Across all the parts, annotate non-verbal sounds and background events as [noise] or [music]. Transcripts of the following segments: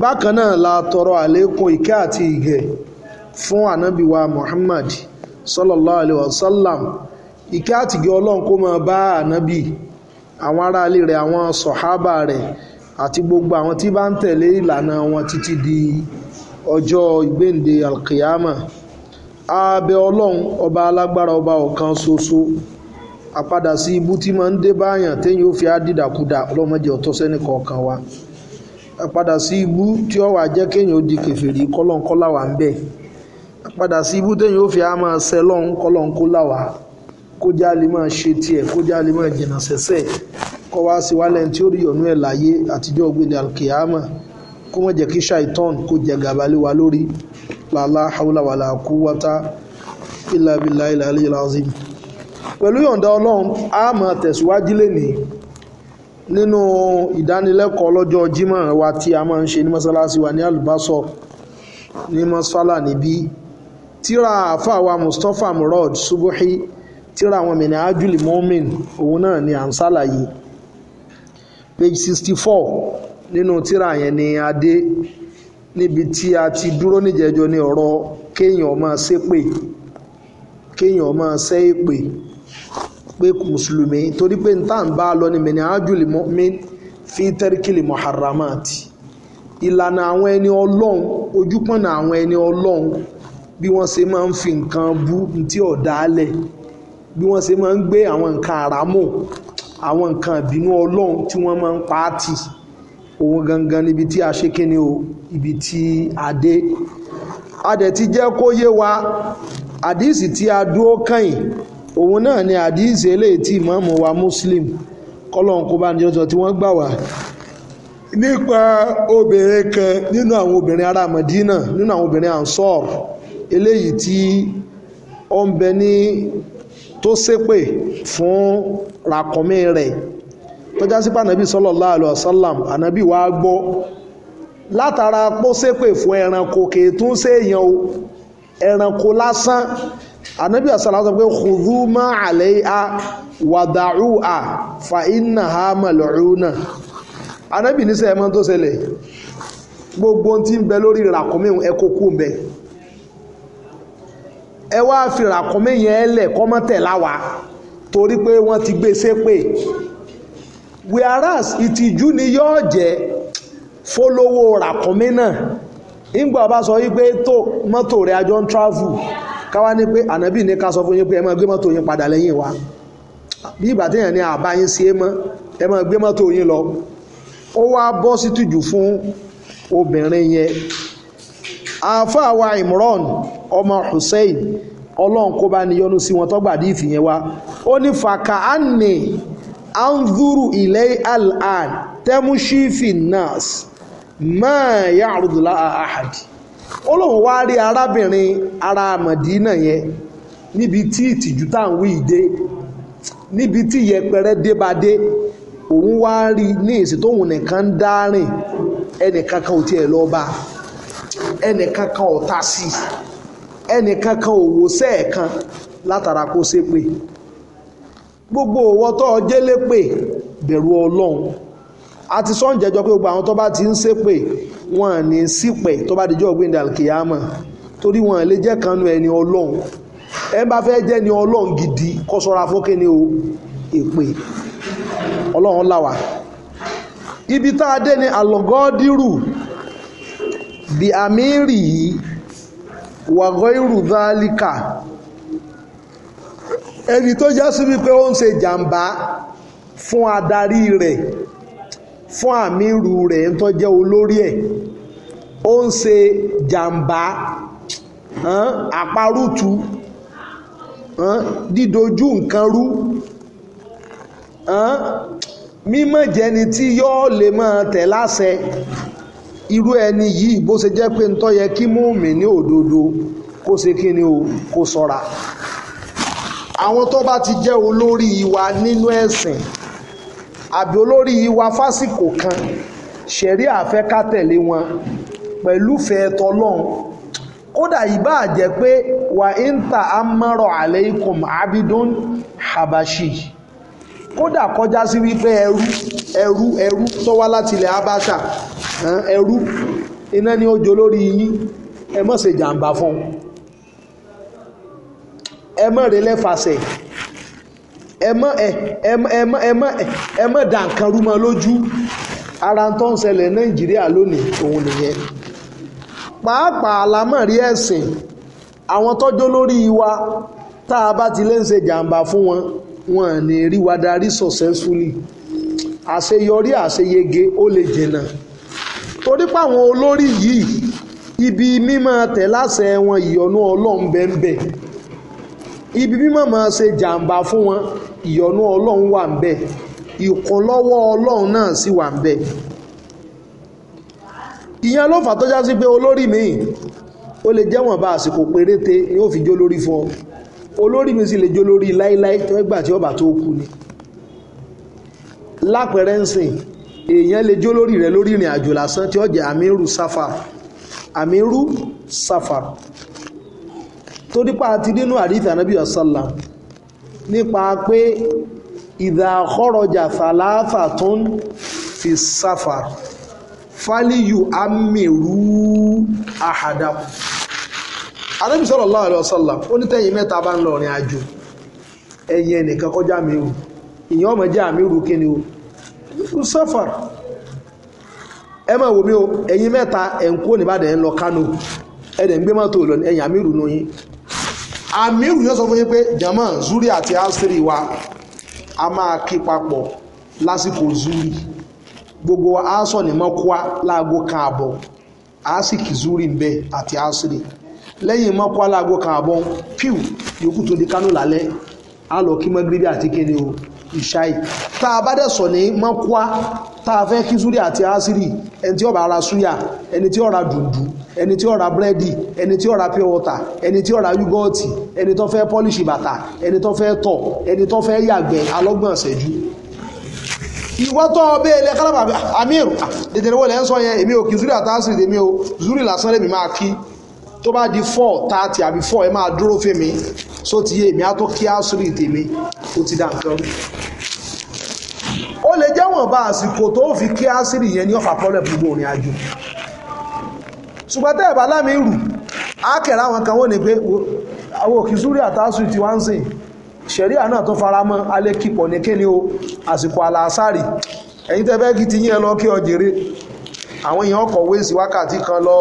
bákan náà la tọrọ àlékún ìkẹ́ àti ìgẹ̀ fún ànábì wa Muhammad sallallahu alaihi wasallam ìkẹ́ àti ìgẹ̀ ọlọ́run kó máa bá ànábì àwọn aráalé rẹ̀ àwọn sọ̀hábà rẹ̀ àti gbogbo àwọn tí bá ń tẹ̀lé ìlànà wọn títí di ọjọ́ ìgbéǹde alkiyama a bẹ̀ ọlọ́run ọba alágbára ọba ọ̀kan ṣoṣo àpadà sí ibú tí máa ń dé báyàn téyàn ó fi á dìdàkudà ọlọ́mọdé ọ̀tọ́sẹ́nìkọ̀ọ̀kan wa àpadà sí ibú tí ó wà jẹ́ kéèyàn ó di kèfèrí kọ́lọ́nkọ́lá wà ń bẹ̀ àpadà sí ibú téèyàn ó fi á máa ṣẹ lọ́hún kọ́lọ́nkọ́lá wà kó já lè máa ṣe tiẹ̀ kó já lè máa jìnnà sẹ́sẹ́ kọ́ wá sí wálẹ̀ tí ó rí ọ̀nú ẹ̀ láyé àtijọ́ ògbéni alkiyama kó má jẹ́ kí ṣàìtàn kó jẹ gàba lé wa lórí làlá haúlá wàlà kú wátá ìlàbílà ìlàlẹ́ ìlàzim pẹ̀lú yọ̀ǹda ọlọ́run á máa tẹ̀síwájú lénìí nínú ìdánilẹ́kọ̀ọ́ lọ́jọ́ jímọ̀ wa tí a máa ń ṣe ní mọ́sálásí wa ní alùbásọ ní mọ́sálà níbí tíra àáfàá wa Mustapha Murad Subuhi tíra àwọn mìíràn ajuli momin òun náà ni à ń ṣàlàyé page sixty four nínú tíra yẹn ni adé níbi tí a ti dúró níjẹjọ ní ọ̀rọ̀ kéèyàn máa ṣépè kéèyàn máa ṣẹ́ pé mùsùlùmí torí pé níta ń bá a lọ ní mẹ́ni àájúlì mọ́mí fi tẹ́ríkìlì mọ̀hàrámàtì ìlànà àwọn ẹni ọlọ́run ojúpọ̀nà àwọn ẹni ọlọ́run bí wọ́n ṣe máa ń fi nǹkan bú ntí ọ̀dàálẹ̀ bí wọ́n ṣe máa ń gbé àwọn nǹkan àràmọ̀ àwọn nǹkan ìbínú ọlọ́run tí wọ́n máa ń pàátì òun gangan níbi tí a ṣe kíni o ibi tí a dé a ti jẹ́ kó yé wa àdíìsì tí a dúó kàn yìí òun náà ni àdíìsì eléyìí tí wa muslim kọ́lọ́n kó bá ní ọjọ́ tí wọ́n gbà wá nípa obìnrin kan nínú àwọn obìnrin ará Madina nínú àwọn obìnrin ansor eléyìí tí ó ń bẹ tó fún rẹ. tọ́já ànàbí wa gbọ́ látara fún ẹranko kì lásán anabi asala sọ pé khudhu ma alayha wada'uha fa innaha mal'una anabi ní sẹ́yìn máa tó ṣẹlẹ̀ gbogbo tí ń bẹ lórí ràkúnmí ẹ kó kú ń bẹ ẹ wá fi ràkúnmí yẹn lẹ̀ kọ́mọ́tẹ̀ láwa torí pé wọ́n ti gbé e sépè whereas ìtìjú ni yóò jẹ́ fólówó ràkúnmí náà ìgbà bá sọ wípé mọ́tò rẹ̀ ajọ́ ń travel káwá ní pé ànábì ní ká sọ fún yín pé ẹ máa gbé mọ́tò yín padà lẹ́yìn wa bí ìgbà téèyàn ní àbá yín sí é mọ́ ẹ máa gbé mọ́tò yín lọ ó wá bọ́ sí tìjú fún obìnrin yẹn àáfàá wa Imran ọmọ Hussein ọlọ́run kó bá ní yọ́nú sí wọn tó gbàdí ìfìyẹn wa ó ní fàkà ánì anzuru ilẹ̀ al'an tẹ́múṣífì nas máa yá àrùdùlá àhàdì ó lóun wá rí arábìnrin ara Mádínà yẹn níbi tí ìtìjú tá à ń wí ìdé níbi tí yẹpẹrẹ débadé òun wá rí ní èsì tóun nìkan ń dá rìn ẹnìkankan ò tiẹ̀ lọ bá ẹnìkankan ò ta sí ẹnìkankan ò wò sẹ́ẹ̀kan gbogbo òwò tó ọjẹ́ bẹ̀rù a ti sọ ń jẹjọ pé gbogbo àwọn tó bá ti ń ṣépè wọn ní sípẹ̀ tó bá dijọ́ gbẹ̀ndà kìyàmọ̀ torí wọn lè jẹ́ kan nu ẹni ọlọ́run ẹ bá fẹ́ jẹ́ ni ọlọ́run gidi kó ṣọ́ra fókè ni o èpè ọlọ́run làwà ibi tá a dé ni alọ́gọ́dírù bí àmírì yìí wàgọ́ irú dálíkà ẹni tó já sí wípé ó ń ṣe jàǹbá fún adarí rẹ̀ fún àmírù rẹ̀ ń tó jẹ́ olórí ẹ̀ ó ń ṣe jàǹbá àparùtù dídojú nǹkan rú mímọ̀ jẹni tí yóò lè máa tẹ̀ láṣẹ irú ẹni yìí bó ṣe jẹ́ pé ń tó yẹ kí múmi ní òdodo kó ṣe kí ni o kó ṣọ́ra àwọn tó bá ti jẹ́ olórí wa nínú ẹ̀sìn àbí olórí wa fásìkò kan ṣẹ̀rí àfẹ́ ká tẹ̀lé wọn pẹ̀lú fẹ́ tọlọ́run kódà ìbá jẹ́ pé wà ń ta amọ́rọ̀ aleikum abidun habashi kódà kọjá sí wípé ẹrú ẹrú ẹrú tó wá láti ilẹ̀ abasha ẹrú iná ni ó jolórí yín ẹ má ṣe jàǹbá fún ẹ má relẹ́fàṣẹ̀ ẹmọ́ ẹmọ́ ẹmọ́ ẹmọ́ dànkarúmọ́ lójú ara tó ń ṣẹlẹ̀ nàìjíríà lónìí òun nìyẹn pàápàá àlámọ̀rí ẹ̀sìn àwọn tọ́jọ́ lórí wa tá a bá ti lè ń ṣe jàǹbá fún wọn wọn ní rí wa darí successfully àṣeyọrí àṣeyege ó lè jìnnà torí páwọn olórí yìí ibi mímọ́ tẹ̀ láṣẹ wọn ìyọnú ọlọ́run bẹ́ẹ̀ bẹ́ẹ̀ ibi mímọ̀ máa ṣe jàǹbá fún wọn ìyọ́nú ọlọ́run wà ń bẹ ìkọlọ́wọ́ ọlọ́run náà sì wà ń bẹ ìyẹn ló fà tó já sí pé olórí mi ó lè jẹ́wọ̀n bá àsìkò péréte ni ó fi jó lórí fún ọ olórí mi sì lè jó lórí láíláí tó ẹgbà tí ọba tó kú ni lápẹẹrẹ ń sìn èèyàn lè jó lórí rẹ lórí ìrìn àjò lásán tí ó jẹ́ àmírù sáfà àmírù sáfà Torípa pa àti nínú àríta nàbí ọ̀sánlá nípa pé ìdá àkọ́rọ̀jà fàlàáfà tó ń fi sáfà fáliyù amèrú àhàdàkù anábì sallallahu alaihi wasallam ó ní tẹ́yìn mẹ́ta bá ń lọ rìn àjò ẹ̀yìn ẹnìkan kọjá ọmọ jẹ́ àmìrù kí ni sáfà ẹ máa wò mí o ẹ̀yìn mẹ́ta ẹ̀ ń kó ẹ̀ ń lọ Kánò ẹ̀dẹ̀ ń amiru yóò sọ fún yín pé jama zuri àti asiri wa a máa kí papọ̀ lásìkò zuri gbogbo aṣọ ní mọ́kúá láago kan àbọ̀ asiki zuri ń bẹ àti asiri lẹ́yìn mọ́kúá láago kan àbọ̀ piu yòókù tó di kánò lálẹ́ a lọ kí mọ́gírídì àti kéde o ìṣáì tá a bá dẹ̀ sọ ní mọ́kúá tá a fẹ́ kí zuri àti asiri ẹni tí ó bá ra súyà ẹni tí ó ra dùndùn ẹni tí ó ra búrẹ́dì ẹni tí ó ra pure water ẹni tí ó ra yúgọ́ọ̀tì ẹni tó fẹ́ pọ́líṣì bàtà ẹni tó fẹ́ tọ̀ ẹni tó fẹ́ yàgbẹ́ alọ́gbọ̀n ṣẹ́jú ìwọ́ tọ́ ọbẹ̀ ilẹ̀ kálábà amir dèdèrè ah, wọlé ń sọ yẹn èmi ò kí zuri àtàsì èmi ò zuri lásán lèmi máa kí tó bá di four thirty àbí four ẹ máa dúró fèmí só ti yé èmi á tó kí àsìrì tèmi ó ti dà nǹkan ó lè jẹ́ wọ̀nba àsìkò tó fi kí àsìrì yẹn ní ọ̀fà pọ́lẹ̀ gbogbo òrìn àjò ṣùgbọ́n tẹ́ lámì rù a àwọn kan wọ́n ní pé àwọn òkè zúrí ti wá ń sìn ṣẹ̀rí àná fara mọ́ alẹ́ ní o àsìkò àlàásàrì ẹ̀yin tẹ́ kí ti yín lọ kí ọ jèrè àwọn kan lọ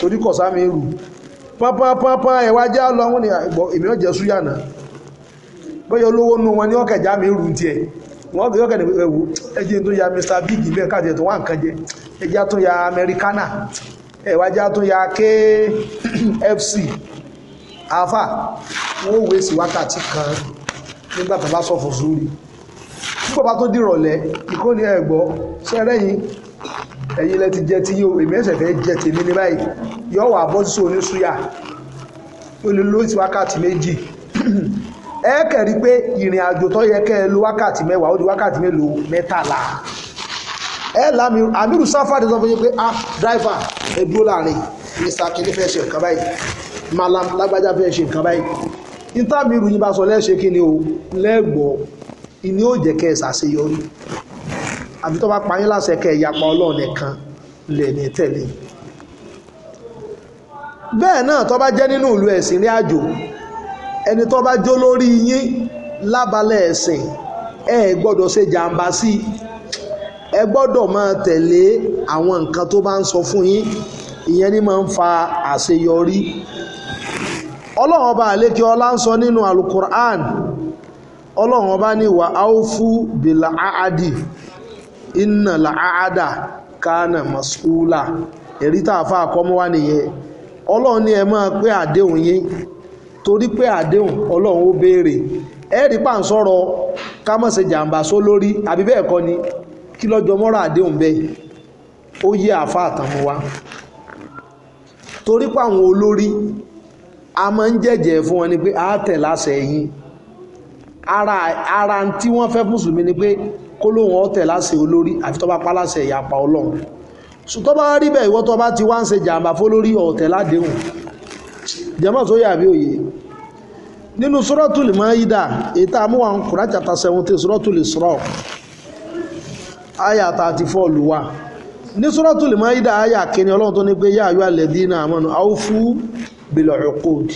torí kọ̀ sámi rù pọ́npọ́npọ́npọ́n ẹ̀wá já lọ wọn ni èmi ọ̀jẹ̀ súyànà bóyá olówó nu wọn ni ọkẹ̀ já mi rù tiẹ̀ wọ́n kì í ọkẹ̀ ẹ̀wù ya Mr Big bẹ́ẹ̀ wà nǹkan ya ẹ̀wájá tún ya KFC afa wọ́n wé sí wákàtí kan nígbà tó bá sọ̀fọ̀ sórí nígbà bá tó dìrọ̀lẹ́ ìkóni ẹ̀gbọ́ sẹ́rẹ́ yìí ẹ̀yin lẹ ti jẹ tí yóò èmi ẹ̀sẹ̀ fẹ́ jẹ tèmi ní báyìí yọ wà bọ́ sí oníṣúyà ó lè ló sí wákàtí méjì ẹ kẹ̀rí pé ìrìn àjò tó yẹ kẹ́ ẹ lo wákàtí mẹ́wàá ó di wákàtí mélòó mẹ́tàlá ẹ lámì àmìrù sáfàdì sọ fún yín pé ah driver ẹ dúró láàrin mr kìnní fẹ́ ṣe nǹkan báyìí malam lágbájá fẹ́ ṣe nǹkan báyìí ìtàmìrù yín bá sọ o lẹ́gbọ̀ọ́ ìní ò jẹ́ kẹ́ ẹ ṣàṣeyọrí àbí tó bá pa yín láṣẹ kẹ́ ẹ yapa ọlọ́run nìkan lẹ́ni tẹ̀lé bẹ́ẹ̀ náà tó bá jẹ́ nínú ìlú ẹ̀sìn ní àjò ẹni tó bá jó lórí yín lábalẹ̀ ẹ̀sìn ẹ gbọ́dọ̀ ṣe jàǹbá sí ẹ gbọ́dọ̀ máa tẹ̀lé àwọn nǹkan tó bá ń sọ fún yín ìyẹn ni máa ń fa àṣeyọrí ọlọ́run ọba àlékè ọlá ń sọ nínú alukur'an ọlọ́run ọba ní wà áwùfù bìlà áádì iná là áádà kánà masúlà èrí tá a fa àkọ́mọ́ wá nìyẹn ọlọ́run ní ẹ máa pé àdéhùn yín torí pé àdéhùn ọlọ́run ó béèrè ẹ̀ẹ́dì pà ń sọ̀rọ̀ ká má ṣe jàǹbá sólórí àbí bẹ́ẹ̀ kọ́ ni kí lọ́jọ́ mọ́ra àdéhùn bẹ́ẹ̀ ó yé àfa àtàmú wa torí pé àwọn olórí a máa ń jẹ́jẹ́ fún wọn ni pé a tẹ̀ láṣẹ yín ara ara tí wọ́n fẹ́ mùsùlùmí ni pé kó lóun ó tẹ̀ láṣẹ olórí àfi tó bá pa láṣẹ ìyapa ọlọ́run ṣùgbọ́n bá rí bẹ́ẹ̀ ìwọ tó bá ti wá ń ṣe jàǹbá fólórí ó tẹ̀ ládéhùn jẹ́mọ́ tó yà bí òye nínú suratul Maida èyí tá a mú wa Qur'an chapter seventeen suratul Isra aya 34 luwa ní Suratul Maida aya kìíní ọlọ́run tó ní pé yáa yọ alladhina amanu awfu bil uqud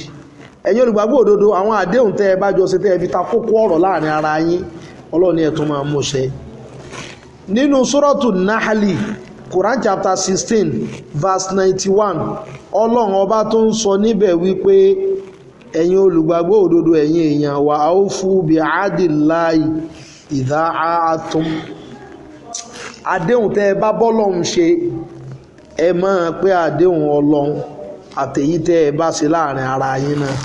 ẹ̀yin olùgbàgbọ́ òdòdó àwọn àdéhùn tẹ́ ẹ bá jọ ṣe tẹ́ láàrin ara yín ọlọ́run máa nínú Quran chapter verse ọlọ́run ọba tó ń sọ níbẹ̀ wípé àdéhùn tẹ́ ẹ bá bọ́lọ́hún ṣe ẹ máa pé àdéhùn ọlọ́hun àtẹ̀yí tẹ́ ẹ bá ṣe láàrin ara yín náà.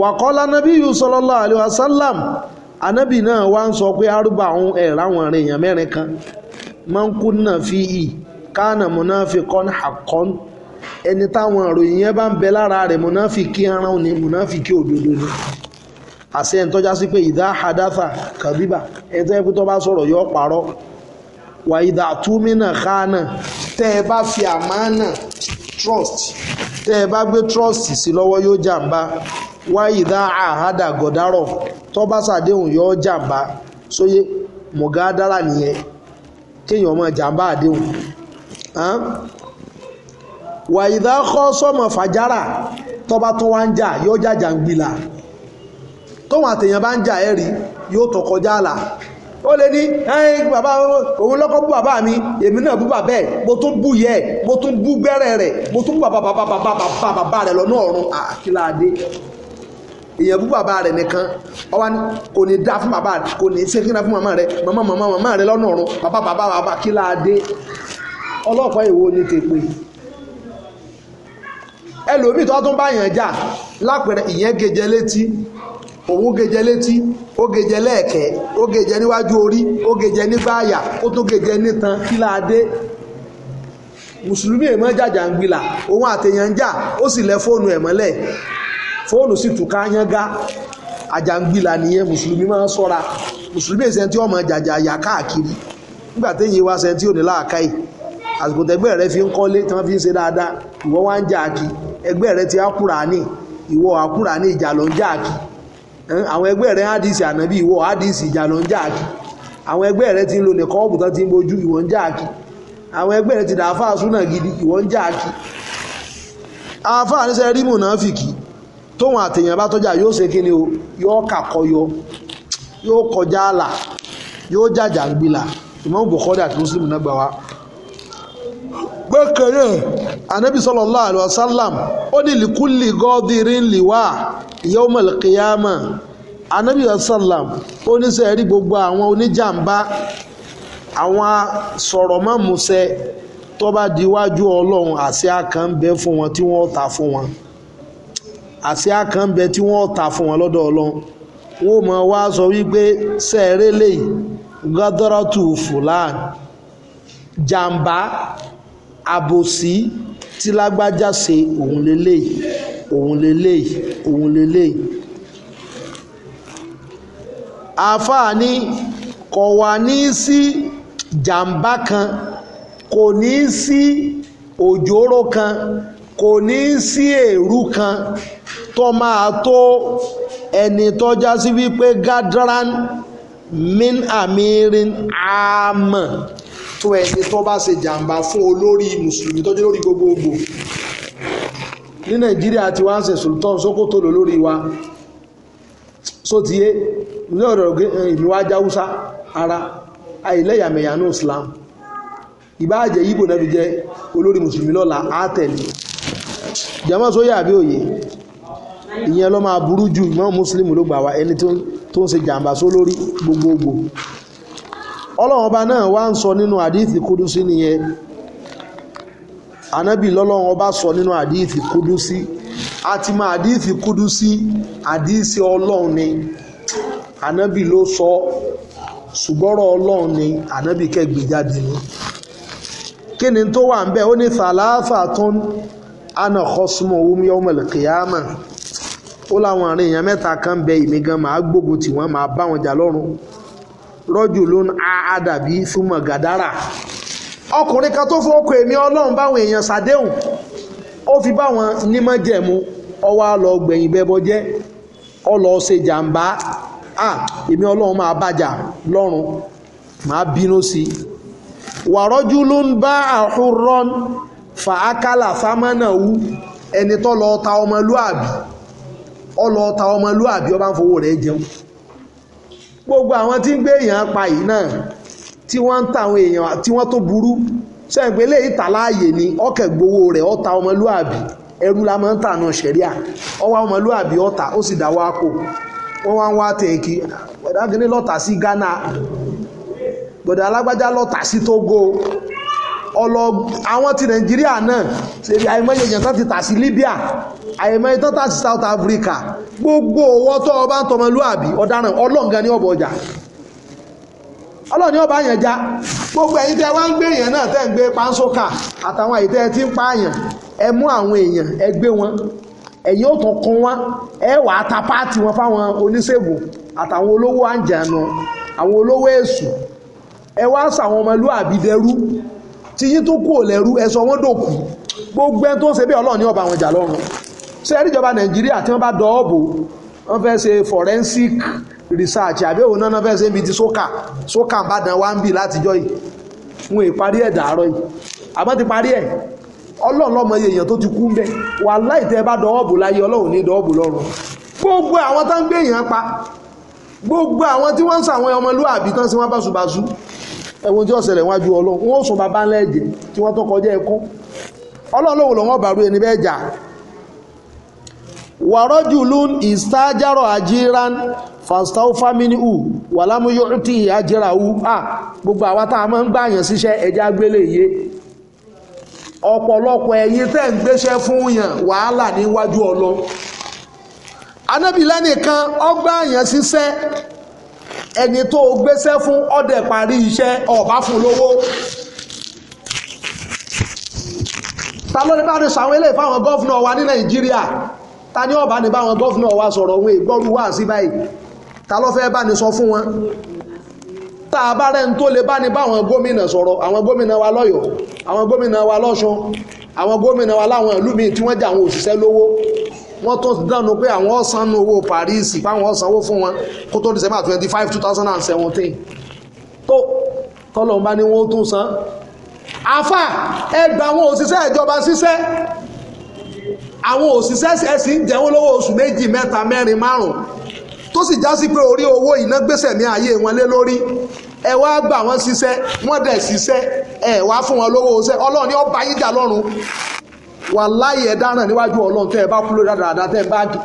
wàkọ́lá nàbí yìí sallallahu alaihi wasallam anábì náà wá ń sọ pé arúgbó àwọn ẹ̀rọ àwọn èèyàn mẹ́rin kan máa ń kú náà fi ì káànà munafiqan haqqan ẹni táwọn ìròyìn yẹn bá ń bẹ lára rẹ̀ munafiki aran ni munafiki òdodo ni àṣẹ ẹni tó já sí pé ìdá hadatha kàbíbà ẹni tó yẹ pé tó bá sọ̀rọ̀ yọ parọ́ wà ìdá túmínà kánà tẹ́ ẹ bá fi àmánà trust tẹ́ ẹ bá gbé trust sí lọ́wọ́ yóò jàǹbá wá ìdá àhádà gọ̀dárọ̀ tó bá ṣàdéhùn yọ jàǹbá sóyè mọ̀gádára nìyẹn kéèyàn máa jàǹbá àdéhùn wà ìdá kọ́ sọ́mọ̀ fàjárà tó bá tó wá ń jà yóò jà jàǹgbìlà tóun àtẹ̀yàn bá ń jà ẹ́ rí yóò tó kọjá àlà ó lè ní ẹ̀yìn bàbá òun lọ́kọ́ bú bàbá mi èmi náà bú bàbá ẹ̀ mo tún bú yẹ mo tún bú gbẹ́rẹ̀ rẹ̀ mo tún bú bàbá bàbá bàbá bàbá bàbá rẹ̀ lọ́nà ọ̀run àkíláàdé èèyàn bú bàbá rẹ̀ nìkan ọwá kò ní dá fún bàbá rẹ̀ kò ní ṣe kíná fún màmá rẹ̀ màmá màmá màmá rẹ̀ lọ́nà ọ̀run bàbá bàbá bàbá kíláàdé ọlọ́pàá èwo ni tèpè ẹlòmíì tó tún bá yàn já lápẹẹrẹ ìyẹn gejẹ létí òun gèjẹ létí ó gèjẹ lẹ́ẹ̀kẹ́ ó gèjẹ níwájú orí ó gèjẹ nígbàyà ó tó gèjẹ nítan mùsùlùmí èèmọ́ jàjà ń gbilà òun àtẹ̀yàn jà ó sì lẹ fóònù ẹ̀ mọ́lẹ̀ fóònù sì tù ká yángá gbilà nìyẹn mùsùlùmí máa ń sọ́ra mùsùlùmí èsẹ̀ tí ọmọ jàjà yà káàkiri nígbà téèyàn wá sẹ́ tí ò ní yìí àsìkò fi ń àwọn ẹgbẹ́ rẹ̀ hadisi ànábì ìwọ hadisi ìjà lọ ń jáàkì àwọn ẹgbẹ́ rẹ̀ ti ń lo nìkan ọ̀bùtán ti ń bojú ìwọ ń jáàkì àwọn ẹgbẹ́ rẹ̀ ti dà áfáà súnà gidi ìwọ ń jáàkì áfáà níṣẹ́ rímù náà fìkì tóun àtẹ̀yàn bá tọ́jà yóò ṣe kíni o yóò kàkọyọ yóò kọjá àlà yóò jàjà gbìlà Imam Bukhari àti Muslim náà gbà wá gbẹ́kẹ̀rẹ́ anabi sallallahu alaihi wasallam ó ní likuli gọ́ọ̀dìrín liwa yawmal qiyama anabi sallam ó ní sẹ́ rí gbogbo àwọn oníjàmbá àwọn sọ̀rọ̀ má musẹ́ tó bá diwájú ọlọ́run àsíá kan bẹ fún wọn tí wọ́n ta fún wọn àsíá kan bẹ tí wọ́n ta fún wọn lọ́dọ̀ ọlọ́run wọ́n mọ̀ wá sọ wípé sẹ́ẹ̀rẹ́ lè gádọ́rọ́tù fúlàn jàǹbá Abosi tí lágbájá ṣe òun lélẹ́yìí òun lélẹ́yìí òun lélẹ́yìí àáfàá ni kò wá ní sí jàǹbá kan kò ní sí òjòrò kan kò ní sí èrú kan tó máa tó ẹni tó sí wípé gadran min amirin àmọ́ tó ẹni tó bá ṣe jàǹbá fún olórí mùsùlùmí tó jẹ́ lórí gbogbogbò ní nàìjíríà ti wá ń ṣe sultan sókótó lò lórí wa só ti yé ní ọ̀dọ̀ eh, ìlú ajá húsá ara àìlẹ́yàmẹ̀yà ní islam ìbáàjẹ́ yíbò náà fi jẹ́ olórí mùsùlùmí lọ́la àtẹ̀lẹ̀ jama só yà bí òye ìyẹn ló máa burú ju ìmọ̀ mùsùlùmí ló gbà wá ẹni tó ń ṣe jàǹbá sólórí gbogbogbò ọlọ́run ọba náà wá ń sọ nínú àdíìtì kúdúsí nìyẹn anábì lọ́lọ́run ọba sọ nínú àdíìtì kúdúsí àti máa àdíìtì kúdúsí àdíìsí ọlọ́run ni anábì ló sọ ṣùgbọ́rọ̀ ọlọ́run ni anábì kẹgbẹ́ jáde ni kí ni tó wà ń bẹ́ ó ní fàlàáfà tó ń ana kọ́sùmọ̀ omi ọmọ ìkìyàmà ó láwọn àárín èèyàn mẹ́ta kan bẹ ìmí gan máa gbógun tí wọ́n máa bá wọn jà lọ́rùn rọ́jù ló ń a àdàbí súnmọ̀ gàdárà ọkùnrin kan tó fún okò èmi ọlọ́run báwọn èèyàn ṣàdéhùn ó fi báwọn nímọ̀ jẹ̀mú ọwọ́ lọ gbẹ̀yìn bẹ́bọ jẹ́ ọlọ ṣe jàǹbá à èmi ọlọ́run máa bàjà lọ́rùn máa bínú sí i wàrọ́jú ló ń bá àhúrọ́n fàákàlà fámánà wú ẹni tó lọ ta ọmọlúàbí ọlọ ta ọmọlúàbí ọba ń fowó rẹ̀ jẹun gbogbo àwọn tí ń gbé èèyàn pa yìí náà tí wọ́n ń ta àwọn èèyàn tí wọ́n tó burú sẹ́yìnpé lè ta láàyè ni ọkẹ̀ gbowó rẹ̀ ọ̀ta ọmọlúàbí ẹrú la máa ń tà náà ṣẹ̀ríà ọwọ́ ọmọlúàbí ọ̀ta ó sì dáwọ́ àpò wọ́n wá ń wá tẹ̀kí ọ̀dàgínní lọ́tà sí Ghana gbọ̀dọ̀ alágbájá lọ́tà sí Togo ọlọ àwọn ti Nigeria náà ṣe àìmọye èèyàn tán ti tà sí Libya àìmọye tán tà sí South Africa gbogbo owó tó ọba ń tọmọlúàbí ọ̀daràn ọlọ́ǹgan ní ọ̀bọ̀ ọjà ọlọ́ọ̀ni ọba yẹn já gbogbo ẹ̀yin tẹ́ wá ń gbé èèyàn náà tẹ́ ń gbé pánsókà àtàwọn àyè tẹ́ ẹ ti ń pààyàn ẹ mú àwọn èèyàn ẹ gbé wọn ẹ̀yin ò tún kún wọn ẹ wàá ta páàtì wọn fáwọn oníṣègùn àtàwọn olówó àǹjànù àwọn olówó èṣù ẹ wá sàwọn ọmọlúàbí dẹrú tí yín tó kú ò lẹ́rú ẹ̀sọ́ wọn dòkú gbogbo ẹni tó ń ṣe bí ọlọ́run ní ọba àwọn ìjà lọ́rùn ṣé ẹ̀rí ìjọba nàìjíríà tí wọ́n bá dọ̀ ọ́bù wọ́n fẹ́ ṣe forensic research àbí òun náà fẹ́ ṣe ibi ti sókà sókà ń bá dán wá ń bì látijọ́ yìí wọn ì parí ẹ̀ dàárọ̀ yìí àmọ́ ti parí ẹ̀ ọlọ́run lọ́mọ iye èèyàn tó ti kú ń bẹ wàláhì tẹ́ bá dọ̀ọ́bù láyé ọlọ́run ní dọ̀ọ́bù lọ́run gbogbo àwọn tá ń gbé èèyàn pa gbogbo àwọn tí wọ́n ń sàwọn ọmọlúwàbí tán sí wọ́n bá ṣùbàṣù ẹ̀wọ̀n tí ó ṣẹlẹ̀ wájú ọlọ́run wọ́n sọ sùn bàbá ńlá ẹ̀jẹ̀ tí wọ́n tó kọjá ẹkún ọlọ́run lòun lòun ẹni bẹ́ẹ̀ jà wàrọ́jù lún ìsájárọ̀ àjíran fàstau famini u wà lámúyọ́ tí àjíra à gbogbo àwa a máa ń gbàyàn síṣẹ́ ẹja gbélé ọ̀pọ̀lọpọ̀ tẹ́ ń gbéṣẹ́ fún yàn wàhálà níwájú ọlọ́run anábìlẹ́nìkan ọgbàyàn síṣẹ́ ẹni tó gbéṣẹ́ fún ọdẹ parí iṣẹ́ ọ̀bá fún lówó ta ló ní bá ní sàwọn eléyìí fáwọn gọ́fúnà wa ní nàìjíríà ta ní ọ̀bá ní báwọn gọ́fúnà wa sọ̀rọ̀ òun ìgbọ́rú wà sí báyìí ta ló fẹ́ bá ní sọ fún wọn tá a bá rẹ̀ ń tó lè bá ní báwọn gómìnà sọ̀rọ̀ àwọn gómìnà wa lọ́yọ̀ọ́ àwọn gómìnà wa lọ́ṣun àwọn gómìnà wa láwọn ìlú míì tí wọ́n jẹ àwọn òṣìṣẹ́ lówó wọ́n tún dánu pé àwọn ọ̀sán nu owó Paris báwọn ọ̀sánwó fún wọn kó tó December twenty five two thousand and seventeen tó tọ́lọ̀ ń bá ní wọ́n tún san àfà ẹgbà àwọn òṣìṣẹ́ ìjọba ṣiṣẹ́ àwọn òṣìṣẹ́ ẹ̀sìn jẹ́wọ́ lọ́wọ́ oṣù méjì mẹ́ta mẹ́rin márùn-ún tó sì já sí pé orí owó iná gbèsè mi ayé wọn lé lórí ẹ wá gbà wọ́n ṣiṣẹ́ wọ́n dẹ̀ ṣiṣẹ́ ẹ wá fún wọn lówó ṣẹ́ ọlọ́run ni ó bá yín jà lọ́rùn Wà láyé dáràn níwájú ọlọ́run tẹ́ ẹ bá kú lórí dáadáa tẹ́ ẹ bá dì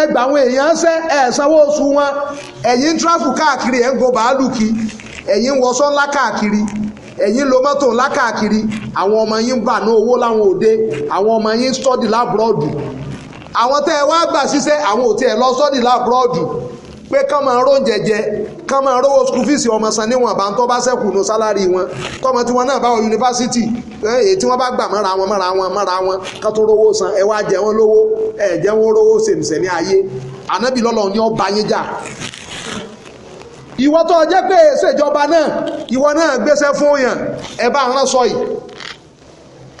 ẹ gbà àwọn èèyàn ṣẹ́ ẹ sanwó oṣù wọn ẹ̀yin tráfù káàkiri ẹ̀ ń go bàálù kí ẹ̀yin wọṣọ ńlá káàkiri ẹ̀yìn lo mọ́tò ńlá káàkiri àwọn ọmọ yín ń bà ní owó láwọn òde àwọn ọmọ yín ń sọ́dì lábúrọ́dù àwọn tẹ́ ẹ wá gbà ṣiṣẹ́ àwọn ò tiẹ̀ lọ sọ́dì lábúrọ́dù pé ká máa ró jẹ ká máa rówó school fees ọmọ san níwọ̀n bá ń tọ́ bá sẹ́kù nù sálárì wọn tí wọn náà bá wọ yunifásitì èyí tí wọ́n bá gbà mọ́ra wọn mọ́ra wọn mọ́ra wọn ká tó san ẹ jẹ wọn lówó ẹ jẹ wọn rówó ní ayé ànábì lọ́lọ́ ni ó yín jà ìwọ tó pé ṣèjọba náà ìwọ náà gbéṣẹ́ fún yàn ẹ bá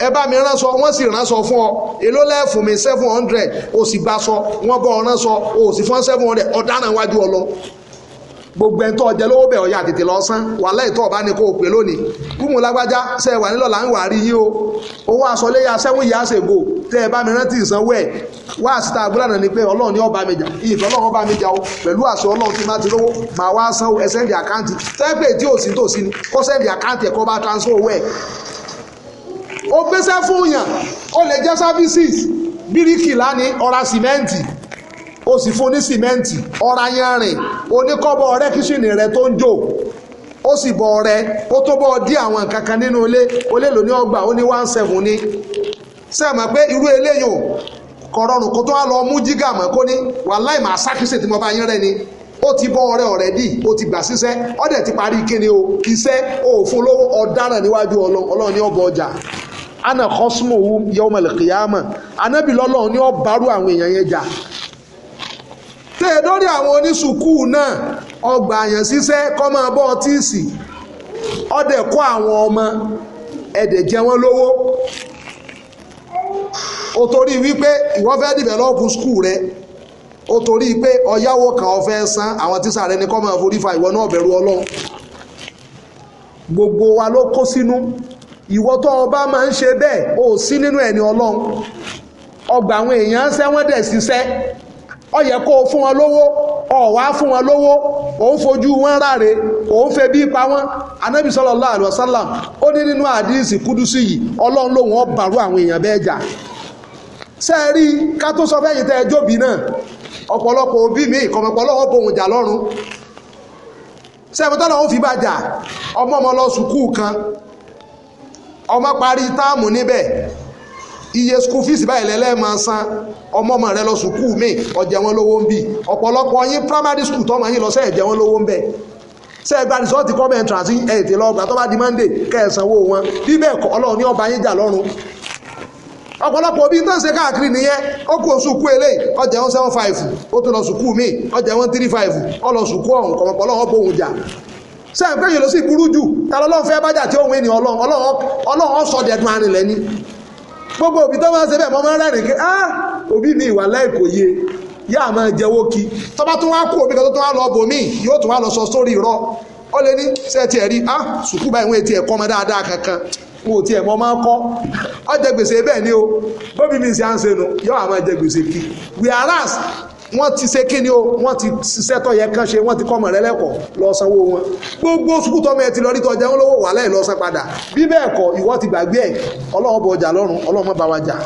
ẹ bá mi ránṣọ wọ́n sì ránṣọ fún ọ èló lẹ́ẹ̀fún mi seven hundred o sì gbaṣọ wọ́n bọ́ ọ ránṣọ o sì fún seven hundred ọ̀daràn wájú ọ lọ gbogbo ẹ̀ńtọ́ ọjẹ́ lówó bẹ̀ ọ̀yà tètè lọ san wàhálà ìtọ́ ọba ni kò pè lónìí gúnmù lágbájá ṣe wà nílọ̀ là ń wà rí yí o owó aṣọlé ya sẹ́wọ̀n yìí àṣègò tẹ́ ẹ bá mi rántí ìsanwó ẹ̀ wá àṣìta àgbélànà ni pé ọlọ́run ní ọba mi jà ìfẹ́ ọlọ́run ọba mi jà o pẹ̀lú àṣọ ọlọ́run tí má ti lówó màá wá sanwó ẹ sẹ́ndì àkáǹtì tẹ́pẹ̀ tí ò sí tòsí ni kó sẹ́ndì àkáǹtì ẹ̀kọ́ bá transfer owó ẹ̀ ó gbéṣẹ́ fún yàn ó lè jẹ́ services bíríkìlá ni ọ̀rá sìmẹ́ǹtì o sì fún ní sìmẹ́ǹtì ọ̀rá yẹn rìn oníkọ́bọ̀ ọ̀rẹ́ kíṣìnì rẹ tó ń jò ó sì bọ̀ ọ̀rẹ́ ó tó bọ̀ dí àwọn nǹkan kan nínú ilé ó lè lò ní ọgbà ó ní one seven ní sẹ́ẹ̀mọ̀ pé irú eléyìí ò kọ̀rọ̀rùn kó tó wá lọ mú jígà mọ́ kó ní wàláì máa sákìsì tí mo bá yín rẹ ni o ti bọ́ ọ̀rẹ́ ọ̀rẹ́ dì ó ti gbà síṣẹ́ ọ̀dẹ̀ ti parí kíni o iṣẹ́ òfin lówó ọ̀daràn níwájú ọlọ́ọ̀ni ọ̀bọ̀ ọjà ana kọ́sùmù owó yọmọ ìlẹ̀kìyàmọ̀ anábì lọ́lọ́run ni ó bárú àwọn èèyàn yẹn jà tẹ́ ẹ dọ́rí àwọn oníṣùkú náà ọgbà àyàn ṣiṣẹ́ kọ́ máa bọ́ ọtíìsì àwọn ọmọ ẹ̀dẹ̀ jẹ wọ́n lówó o pe rẹ o pe kan o san rẹ ni gbogbo wa ìwọ tó ọba máa ń ṣe bẹ́ẹ̀ o sí nínú ẹni ọlọ́run ọgbà àwọn èèyàn sẹ́wọ́n dẹ̀ ṣiṣẹ́ ó kó o fún wọn lówó ó wá fún wọn lówó òun fojú wọn ráre òun fẹ́ bí ipa wọn sọlọ sallallahu alaihi wasallam ó ní nínú àdíìsì kúdùsù yìí ọlọ́run lòun ó bàrú àwọn èèyàn bẹ́ẹ̀ jà sẹ́ẹ̀rí ká tó sọ fẹ́yìn tẹ́ ẹjọ́ bí náà ọ̀pọ̀lọpọ̀ òbí mi ìkọ̀mọ̀pọ̀ lọ́wọ́ bòun jà lọ́rùn sẹ́ẹ̀mọ́tọ́lọ́wọ́ fi bá jà ọmọ ọmọ lọ sùkúù kan ọmọ parí táàmù níbẹ̀ iye school fees báyìí lẹ́lẹ́ máa san ọmọ ọmọ rẹ lọ sùkúù míì ọjẹ wọn lówó ń bì ọ̀pọ̀lọpọ̀ yín primary school tọ́mọ yín lọ sẹ́ ẹ̀jẹ̀ wọn lówó ń bẹ̀ sẹ́ ẹgbà rìsọ́ọ̀tì kọ́mọ ẹ̀ntrànsì ẹ̀tì lọ́gbà tó bá di monday kẹsànwó wọn bí bẹ́ẹ̀ kọ́ ọlọ́run ní ọba yín jà lọ́rùn ọ̀pọ̀lọpọ̀ òbí tó ń ṣe káàkiri nìyẹn ó kú sùkú eléyìí ọjà wọn seven five ó tún lọ sùkúù míì ọjà wọn three five ó lọ sùkúù ọ̀hún kọ̀mọ̀pọ̀ ọlọ́run bóun jà ṣe àpẹ́ yìí ló sì burú jù tàbí ọlọ́run fẹ́ bájà tí ó wé ọlọ́run ọlọ́run ọ̀sọ̀ ni gbogbo òbí tó máa ń ṣe bẹ́ẹ̀ mọ́ òbí mi a máa jẹ́wọ́ kí tó wá kú òbí kan tó wá lọ yóò tún wá lọ sọ sórí ó lé ní sẹ́ẹ̀tì ah sùkú báyìí wọ́n ti ọmọ dáadáa wọ́n ti ṣe kí ni o wọ́n ti ṣiṣẹ́ tó yẹ kán ṣe wọ́n ti kọ́ ọmọ rẹ lẹ́kọ̀ọ́ lọ sanwó wọn gbogbo sukú tọ́mọ ẹ ti lọ rí tọ́jà wọn lówó wàhálà ẹ̀ lọ san padà bí bẹ́ẹ̀ kọ́ ìwọ ti gbàgbé ẹ̀ ọlọ́wọ́ bọ̀ ọjà lọ́rùn ọlọ́mọ bá wa jà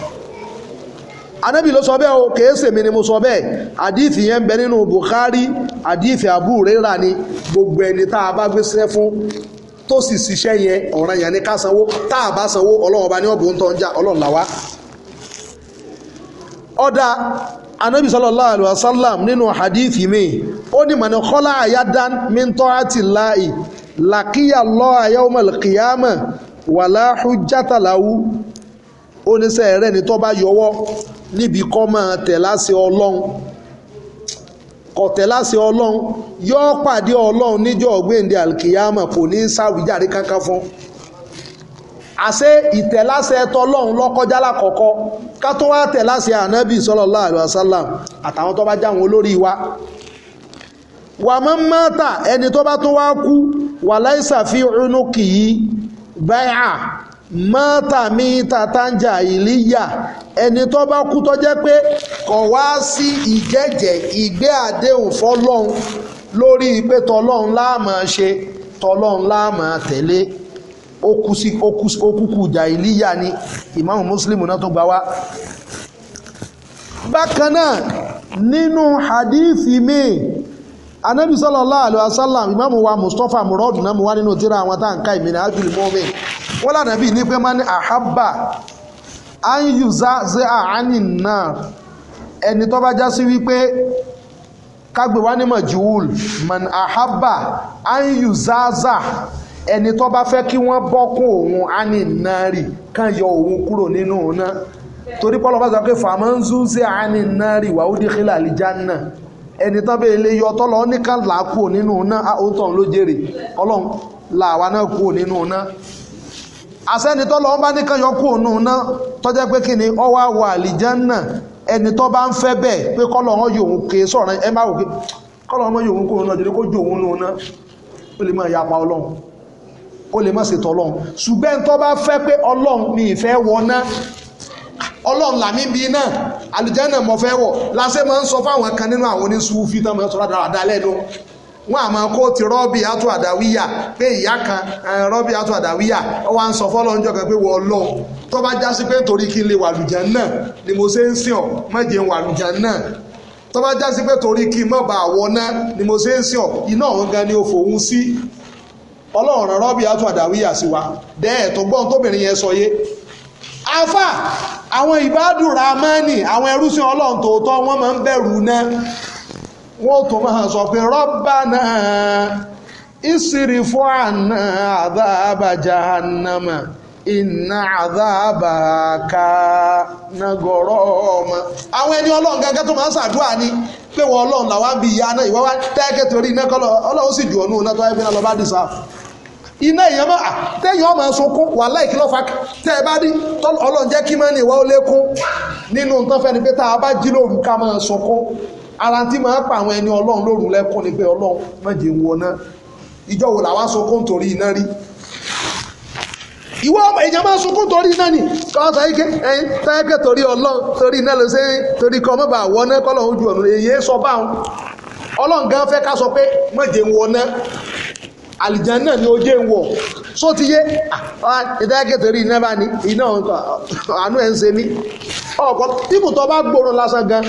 anabi ló sọ bẹ́ẹ̀ o kèé sèmi ni mo sọ bẹ́ẹ̀ àdìsí yẹn ń bẹ nínú Bukhari àdìsí Abu Huraira ni gbogbo ẹni tá a bá gbéṣẹ́ fún tó sì ṣiṣẹ́ yẹn ọ̀ràn yẹn ni ká sanwó tá a bá sanwó ọlọ́wọ́ bá ọ̀bùn tó ń já ọlọ́run làwá ọ̀dà anabi sallallahu alaihi wasallam nínú hadith mi ó ní mọ̀nà kọ́lá àyádán mintọ́ àti láì làkíyà lọ́ yawmal qiyamah wàlá hujjata lahu ó ní sẹ́ẹ̀ rẹ̀ ní tó bá yọwọ́ níbi kọ́ máa tẹ̀ láṣẹ ọlọ́run kọ̀tẹ̀ láṣẹ ọlọ́run yọ́ pàdé ọlọ́run níjọ́ ọ̀gbẹ́ndẹ̀ alkiyama kò ní sáwìjáre kankan fún àṣé ìtẹ̀láṣẹ tọlọ́run lọ́kọjá lákọ̀ọ́kọ́ ká tó wá tẹ̀láṣẹ ànábì sallallahu alaihi wasallam àtàwọn tó bá jáwọn olórí wa wà mọ́ mọ́ta ẹni tó bá tó wá kú wà láìsà fi rúnú kì í báyà mọ́ta mi tàtàǹjà ìlíyà ẹni tó bá kú tó jẹ́ pé kọ̀ wá sí ìjẹ́jẹ́ ìgbé àdéhùn fọ́lọ́run lórí pé tọlọ́run láàmà ṣe tọlọ́run láàmà tẹ̀lé okùkù jàìlíyà ni ìmáàmù Muslim náà tó gbà wá bákan náà nínú hadithi mi anabi sallallahu alaihi wasallam ìmáàmù wa Mustapha murad náà mo wá nínú tíra àwọn tá à ń ká ìmìnira ábìlì mọ́mí wọ́n lànàbí ní pé máa ní àhábà áyùzá sí àánì náà ẹni tó bá man àhábà áyùzá záà ẹni tó bá fẹ́ kí wọ́n bọ́kún òun á ní nàárì kàn yọ òun kúrò nínú náà torí pọ́lọ́ bá sọ pé fàmọ́nzú sí á ní nàárì wàá ó dí àlìjá náà ẹni tán bẹ́ẹ̀ lè yọ tọ́lọ níkà nínú ló jèrè ọlọ́run náà kú nínú àsẹ́ni bá yọ nínú tọ́jẹ́ pé kí ni ọwọ́ àwọ̀ ẹni tó bá ń fẹ́ bẹ́ẹ̀ pé ó lè má ṣe tọ́lọ́run ṣùgbọ́n tó bá fẹ́ pé ọlọ́run mi ìfẹ́ wọná ọlọ́run là mí bí náà àlùjánnà mo fẹ́ wọ̀ lásẹ̀ máa ń sọ fáwọn kan nínú àwọn oníṣúfì tán máa ń sọ dáradára lẹ́nu wọn àmọ́ kó ti rọ́ọ̀bì àtò àdáwíyà pé ìyá kan rọ́ọ̀bì àtò àdáwíyà ó wá ń sọ fọ́lọ́njọ́ kan pé wọ́n ọlọ́run tó bá já sí pé torí kí n lè wà àlùjánnà ni mo ṣe ń sìn ọ́ má jẹ́ n wà àlùjánnà tó bá já pé torí kí n má bàa wọná ni mo ṣe ń sìn ọ́ iná ọ̀hún gan ni ó fòun sí ọlọ́run rán rọ́bì àtúwàdáwíyà sí wa dẹ́ẹ̀ tó gbọ́n tóbìnrin yẹn sọ yé afa àwọn ìbádùn ramani àwọn ẹrúsìn ọlọ́run tòótọ́ wọ́n máa ń bẹ̀rù náà wọ́n tó máa sọ pé rọ́bà náà ìsìrì fún àná àbájá náà iná azaba ka ọmọ. àwọn ẹni ọlọ́run gángan tó máa ń saduwa ni pé wọn ọlọ́run làwọn bí ìyá tori ìwọ́wá tẹ́ẹ̀kẹ́ torí iná kọ́lọ́ ọlọ́run sì jù ọ̀nù ọ̀nà tó ẹgbẹ́ náà lọ́ba dìsá. iná èèyàn máa tẹ́yìn ọmọ sunkún wà láìkí lọ́fà tẹ́ ẹ bá dí ara pa ni pé ọlọ́run wo ìwọ ọmọ èèyàn máa sunkún torí náà ni kọ́ sọ ike ẹyin tẹ́ẹ̀kẹ́ torí ọlọ́run torí iná ló ṣe é torí kọ́ mọ́bà wọ náà kọ́ lọ́run ju ọ̀nà èyí sọ báwọn ọlọ́run gan fẹ́ ká sọ pé mọ̀jẹ̀ ń wọ náà àlìjàn náà ni ojé ń wọ̀ só ti yé ìtẹ́ẹ̀kẹ́ torí iná bá ní iná àánú ẹ̀ ń ṣe mí ọkọ̀ tí kò tọ́ bá gbóòórùn lásán gan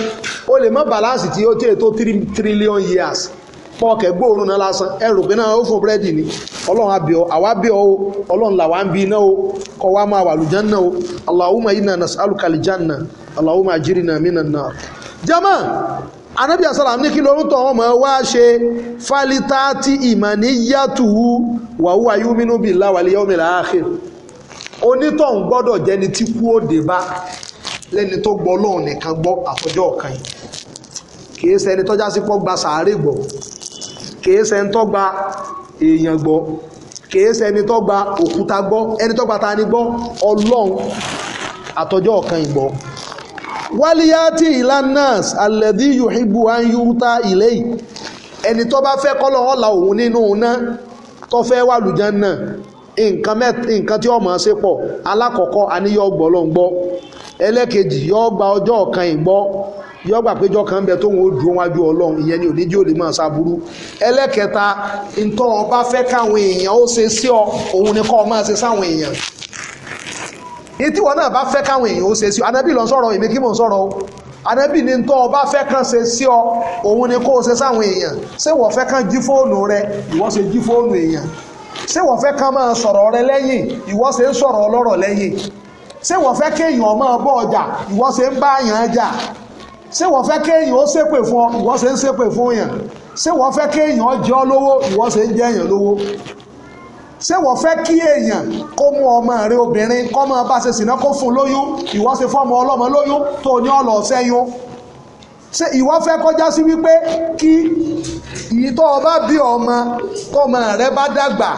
o lè mọ́ bàláǹsì tí ó tẹ́ tó three trillion years pọ́ọ̀kẹ́ gbóòórùn náà lásán ẹrù pé náà ó fún búrẹ́dì ni ọlọ́run abíọ́ àwa bíọ́ o ọlọ́run làwa ń bí iná o kọ́ wa máa wà lùjánná o Allahumma inna nas'aluka al-janna Allahumma ajirna minan nar. jama anabi asalam ní kí ló ń tọ́ ọmọ wa ṣe falitati imaniyatuhu wa huwa yuminu billahi wal yawmil akhir onítọ̀hún gbọ́dọ̀ jẹni tí kú òde bá lẹ́ni tó gbọ́ ọlọ́run nìkan gbọ́ àtọjọ́ ọ̀kan yìí kì í ṣe ẹni tọ́já sí pọ́ gba sàárè gbọ́ kìí ṣe ń tọ́gba èèyàn gbọ́ kìí ṣe ẹni tọ́gba òkúta gbọ́ ẹni tọ́gba ta ni gbọ́ ọlọ́run àtọjọ́ ọ̀kan ìgbọ́ wálíyàtì ìlànàs alẹ́dí yòhìbù anyúta ilé yìí ẹni tó bá fẹ́ kọ́lọ̀ ọ̀la òun nínú iná tó fẹ́ wà lùjẹ́ náà nǹkan mẹ́ta nǹkan tí ọmọ ṣe pọ̀ alákọ̀ọ́kọ́ àníyọ́ gbọ́ lọ́n gbọ́ ẹlẹ́kejì yọ́ gba ọjọ́ ọ̀kan ìgbọ́ yọ gbà péjọ kan bẹ tóun ó dúró wájú ọlọ́run ìyẹn ni òníjì ò lè máa ṣàbúrú ẹlẹ́kẹta ntọ́ ọba fẹ́ káwọn èèyàn ó ṣe sí ọ òun ni kọ́ ọ máa ṣe sáwọn èèyàn ní tí wọn náà bá fẹ́ káwọn èèyàn ó ṣe sí ọ anábì lọ sọ̀rọ̀ èmi kí mò ń sọ̀rọ̀ o anábì ní ntọ́ ọba fẹ́ kàn ṣe sí ọ òun ni kó o ṣe sáwọn èèyàn ṣé wọ́n fẹ́ kàn jí fóònù rẹ ìwọ́ ṣe jí fóònù èèyàn ṣé wọ́n fẹ́ kàn máa sọ̀rọ̀ rẹ lẹ́yìn ìwọ́ ṣe ń sọ̀rọ̀ ọlọ́rọ̀ lẹ́yìn ṣé wọ́n fẹ́ kéèyàn máa bọ́ ọjà ìwọ́ ṣe ń bá àyàn jà ṣé wọ́n fẹ́ kéèyàn ó ṣépè fún ọ ìwọ ṣe ń ṣépè fún yàn ṣé wọ́n fẹ́ kéèyàn jẹ́ ọ lówó ìwọ ṣe ń jẹ́ èèyàn lówó ṣé wọ́n fẹ́ kí èèyàn kó mú ọmọ rẹ obìnrin kọ́ máa bá ṣe sìnà kó fún lóyún ìwọ ṣe fọ́mọ ọlọ́mọ lóyún tó ní ọ̀lọ́ ṣẹ́yún ṣé ìwọ fẹ́ kọjá sí wípé kí ìtọ́ ọba bí ọmọ tọmọ rẹ bá dàgbà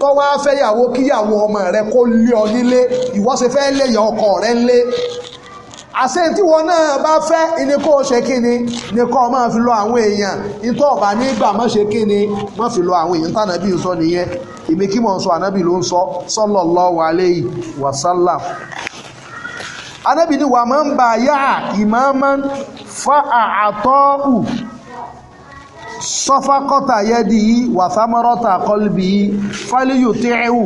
kọ́ wá fẹ́yàwó kíyàwó ọmọ rẹ kó lé ọ nílé ìwọ ṣe fẹ́ lé yọ ọkọ rẹ ńlé àṣẹ tí wọn náà bá fẹ́ ni kó o ṣe kíni ni kó o máa fi lọ àwọn èèyàn ìtọ́ ọ̀bà nígbà má ṣe kíni má fi lọ àwọn èèyàn tànàbí sọ nìyẹn èmi kí mò ń sọ ànábì ló ń sọ sallallahu alayhi wa sallam ànábì ni wà máa ń bá yá imaman fa àtọ́ù sọfakọta yẹdi yìí wà sámọ́rọ́ta kọlbì yìí fáliyù tẹ́ẹ̀wù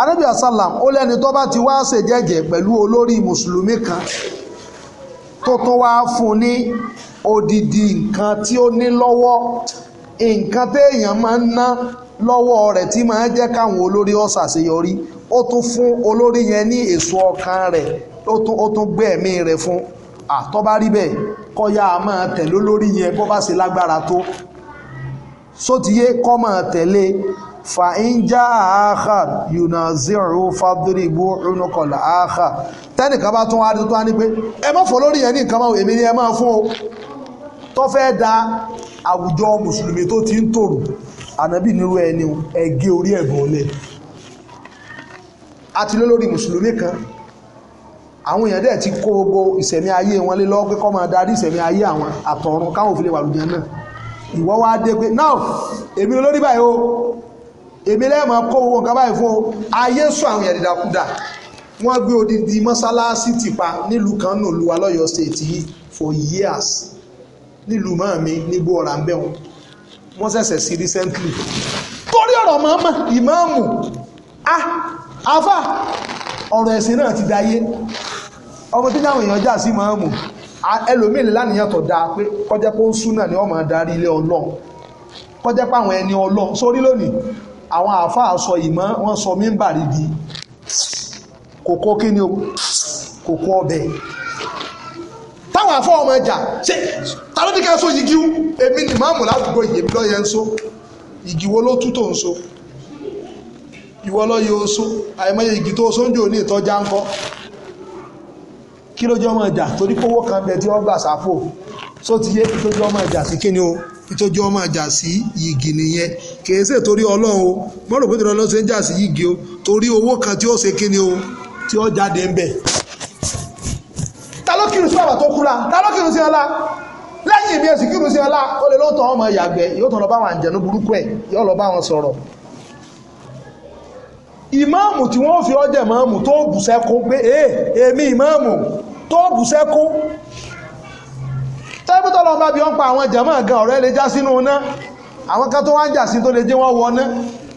anábì asálàm ó lẹ́ni tó bá ti wá ṣèjẹ́jẹ́ pẹ̀lú olórí mùsùlùmí kan tó tún wá fún ní odidi nǹkan tí ó ní lọ́wọ́ nǹkan téèyàn máa ń ná lọ́wọ́ rẹ̀ tí máa ń jẹ́ káwọn olórí ó ṣàṣeyọrí ó tún fún olórí yẹn ní èso ọkàn rẹ̀ ó tún gbé ẹ̀mí rẹ̀ fún àtọ́bá rí bẹ́ẹ̀ kọ́yá a máa tẹ̀lé olórí yẹn bó bá ṣe lágbára tó sótìyé kọ́ máa tẹ̀lé fàín já àáhà yùnàzírù fàdúrì bú ọ̀nùkọ̀lá àáhà tẹ́nìkan bá tún wá tó tó wá ní pé ẹ má fọ́ lórí yẹn ní nǹkan máa èmi ni ẹ máa fún o tó fẹ́ da àwùjọ mùsùlùmí tó ti ń tòrò ànábì nírú ẹni ẹ gé orí ẹ̀gbọ́n lẹ̀ àti lólórí mùsùlùmí kan àwọn èèyàn dẹ̀ ti kó gbogbo ìsẹ̀mí ayé wọn lé lọ́wọ́ pé kọ́ máa darí ìsẹ̀mí ayé àwọn àtọ̀run káwọn òfin lè wà lùjẹ́ náà ìwọ́ wá dé pé náà èmi olórí báyìí o èmi lẹ́ẹ̀mọ́ kó owó nǹkan báyìí fún ayé àwọn èèyàn dídákúdà odidi mọ́sálásí ti pa nílùú kan lu alọ́yọ̀ state yìí for years nílùú mọ́ mi nígbó ọ̀rà ń bẹ̀ wọn wọ́n ṣẹ̀ṣẹ̀ sí recently torí ọ̀rọ̀ màmá ìmáàmù ah afa ọ̀rọ̀ ẹ̀sìn náà ti dayé ọmọ tí táwọn èèyàn sí ah, ẹlòmíì lè lánìyàn tó dáa kọjá pé ó ni ọmọ ilé kọjá pé àwọn ẹni sórí lónìí àwọn àáfàá sọ ìmọ̀ wọ́n sọ mímbàrí di kòkó kí ni o kòkó ọbẹ̀ táwọn àáfàá ọmọ ẹja ṣe ta ló ní ká so yìgì wú èmi ni máàmù ládùúgbò yìí èmi ń so yìgì wo ló tú ń so ìwọ lọ́ọ́ yẹ oṣù àìmọye yìgì tó oṣù ń jò ní ìtọ́já ńkọ́ kí ló jẹ́ ọmọ ìjà torí kówó kan bẹ tí wọ́n gbà sápò só ti yé ìtọ́jú ọmọ ìjà sí kíni o ìtọ́jú ọmọ ìjà sí yìgì nìyẹn kì í ṣe torí ọlọ́run o mọ́rò pé torí ọlọ́run ṣe ń jà sí yìgì o torí owó kan tí ó ṣe kíni o tí ó jáde ń bẹ̀. ta ló kírun sí bàbá tó kúra ta ló kírun sí ọlá lẹ́yìn mi èsì kírun sí ọlá ó lè lóòótọ́ ọmọ ìyàgbẹ́ yóò tán lọ bá àwọn àǹjẹ̀nú burúkú ẹ̀ yóò lọ bá àwọn sọ̀rọ̀ ìmáàmù tí wọ́n fi ọjẹ́ ìmáàmù tó bù sẹ́kún pé ee èmi ìmáàmù tó bù sẹ́kún tẹ́gbẹ́tọ́ lọ bá bí wọ́n pa àwọn jàmáà gan ọ̀rẹ́ lè já sínú iná àwọn kan tó wá ń jà sí tó lè jẹ́ wọ́n wọná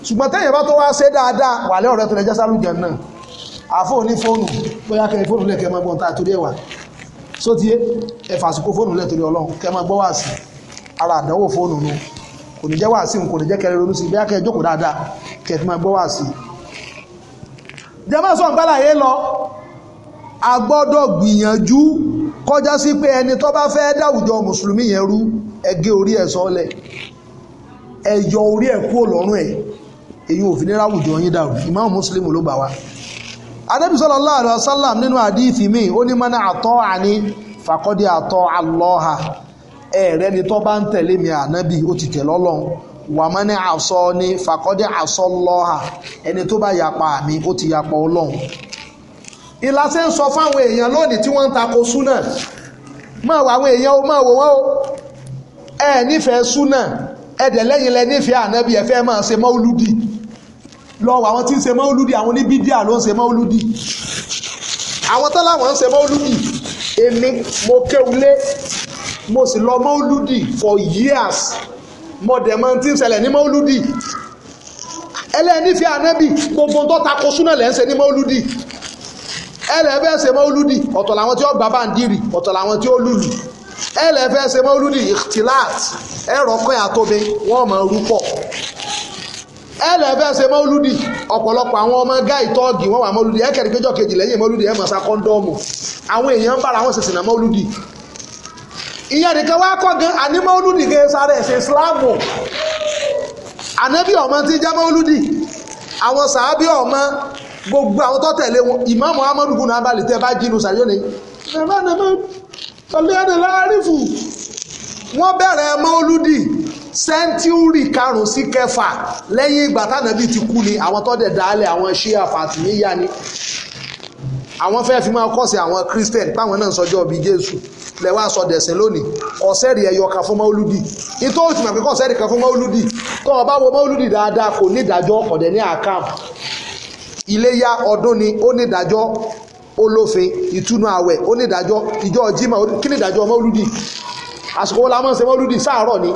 ṣùgbọ́n tẹ́yìn bá tó wá ṣe dáadáa wà lẹ́ ọ̀rẹ́ tó lè já sálùjẹ̀ náà àfò ní fóònù bóyá kẹrin fóònù lẹ́kẹ̀ẹ́ máa gbọ́n tá torí ẹ̀wà sóti ẹ̀fà àsìkò fóònù lẹ́ torí ọlọ́run kẹ́ máa gbọ́ wá sí ara àdánwò fóònù nu kò ní jẹ́ wá sí kò ní jẹ́ kẹrin ronú sí bóyá kẹ́ jókòó dáadáa kẹ́ fi máa gbọ́ wá sí jẹmọ́sọ̀ gbálàyé lọ a gbọ́dọ̀ gbìyànjú kọjá sí pé ẹni tó bá fẹ́ dáwùjọ mùsùlùmí yẹn rú ẹ gé orí ẹ̀ sọ́lẹ̀ ẹ yọ orí ẹ̀ kúrò lọ́rùn ẹ̀ èyí òfin nira àwùjọ yín dàrú ìmáàmù mùsùlùmí ló gbà wá adébí sallallahu alaihi wasallam nínú àdífì míì ó ní mọ́nà àtọ́ àní fàkọ́dí àtọ́ Allah ẹ̀rẹ́ni tó bá ń tẹ̀lé mi ànábì ó ti tẹ̀lọ́lọ́run wàmọ́ ní àṣọ ni fàkọ́dé àṣọ lọ́ha ẹni tó bá yapa mi ó ti yapa ọlọ́run ìlàsẹ̀ ń sọ fáwọn èèyàn lónìí tí wọ́n ń tako súnà máa wà àwọn èèyàn ó máa wò wọ́n ó ẹ nífẹ̀ẹ́ súnà ẹ̀dẹ̀ lẹ́yìn lẹ nífẹ̀ẹ́ ànábì ẹ fẹ́ máa ṣe mọ́úlúdì lọ́wọ́ àwọn tí ń ṣe mọ́úlúdì àwọn oníbídíà ló ń ṣe mọ́úlúdì àwọn tó láwọn ń ṣe mọ́úlúdì èmi mo kéwulé mo sì lọ mọ́úlúdì for years mo dẹ̀ mọ́ tí ń ṣẹlẹ̀ ní mọ́lúdì ẹlẹ́nìfẹ́ ànábì gbogbo tó tako súnà lẹ́ ń ṣe ní mọ́lúdì ẹlẹ́fẹ́ ṣe mọ́lúdì ọ̀tọ̀ làwọn tí ó gbà bàǹdìrì ọ̀tọ̀ làwọn tí ó lùlù ẹlẹ́fẹ́ ṣe mọ́lúdì ìtìláàt ẹ̀rọ kan àtòbe wọ́n mọ̀ ọ́rú pọ̀ ẹlẹ́fẹ́ ṣe mọ́lúdì ọ̀pọ̀lọpọ̀ àwọn ọmọ gáì tọ́ọ̀gì wọ́n wà mọ́lúdì ẹ̀kẹ́rì péjọ kejì lẹ́yìn mọ́lúdì ẹ̀ mọ̀ sá kọ́ńdọ́ọ̀mù àwọn èèyàn ń bára wọn ṣèṣìn náà mọ́lúdì ìyẹn nìkan wá kọ́ gan ànímọ́ olùdíje sáré ẹ̀sìn Islamu ànábì ọmọ tí jẹ́ mọ́lúdì àwọn sàábì ọmọ gbogbo àwọn tó tẹ̀lé wọn ìmáàmù amadu gùn náà balẹ̀ tẹ́ bá jínu sàyọ́ ni nàmá nàmá ọlẹ́yàdẹ láàrífù wọ́n bẹ̀rẹ̀ mọ́lúdì sẹ́ńtúrì karùn-ún sí kẹfà lẹ́yìn ìgbà tánàbì ti kú ni àwọn tó dẹ̀ dálẹ̀ àwọn ṣíà fàtìmíyà ni àwọn fẹ́ẹ́ fi máa kọ́sẹ̀ àwọn christian táwọn náà sọjọ́ bíi jésù lẹ́wọ́ aṣọ dẹ̀sìn lónìí kọ́sẹ́rì ẹ̀yọ kan fún máolúdì ìtò òtún mọ̀ pé kọ́sẹ́rì kan fún máolúdì tó o bá wo máolúdì dáadáa kò ní ìdájọ́ ọ̀dẹ̀ ní àkàm iléyá ọdún ni ó ní ìdájọ́ olófin ìtúnu àwẹ̀ ó ní ìdájọ́ ìjọ jimá kí ni ìdájọ́ máolúdì àsìkò wo la máa ń ṣe máolúdì sáàárọ̀ ni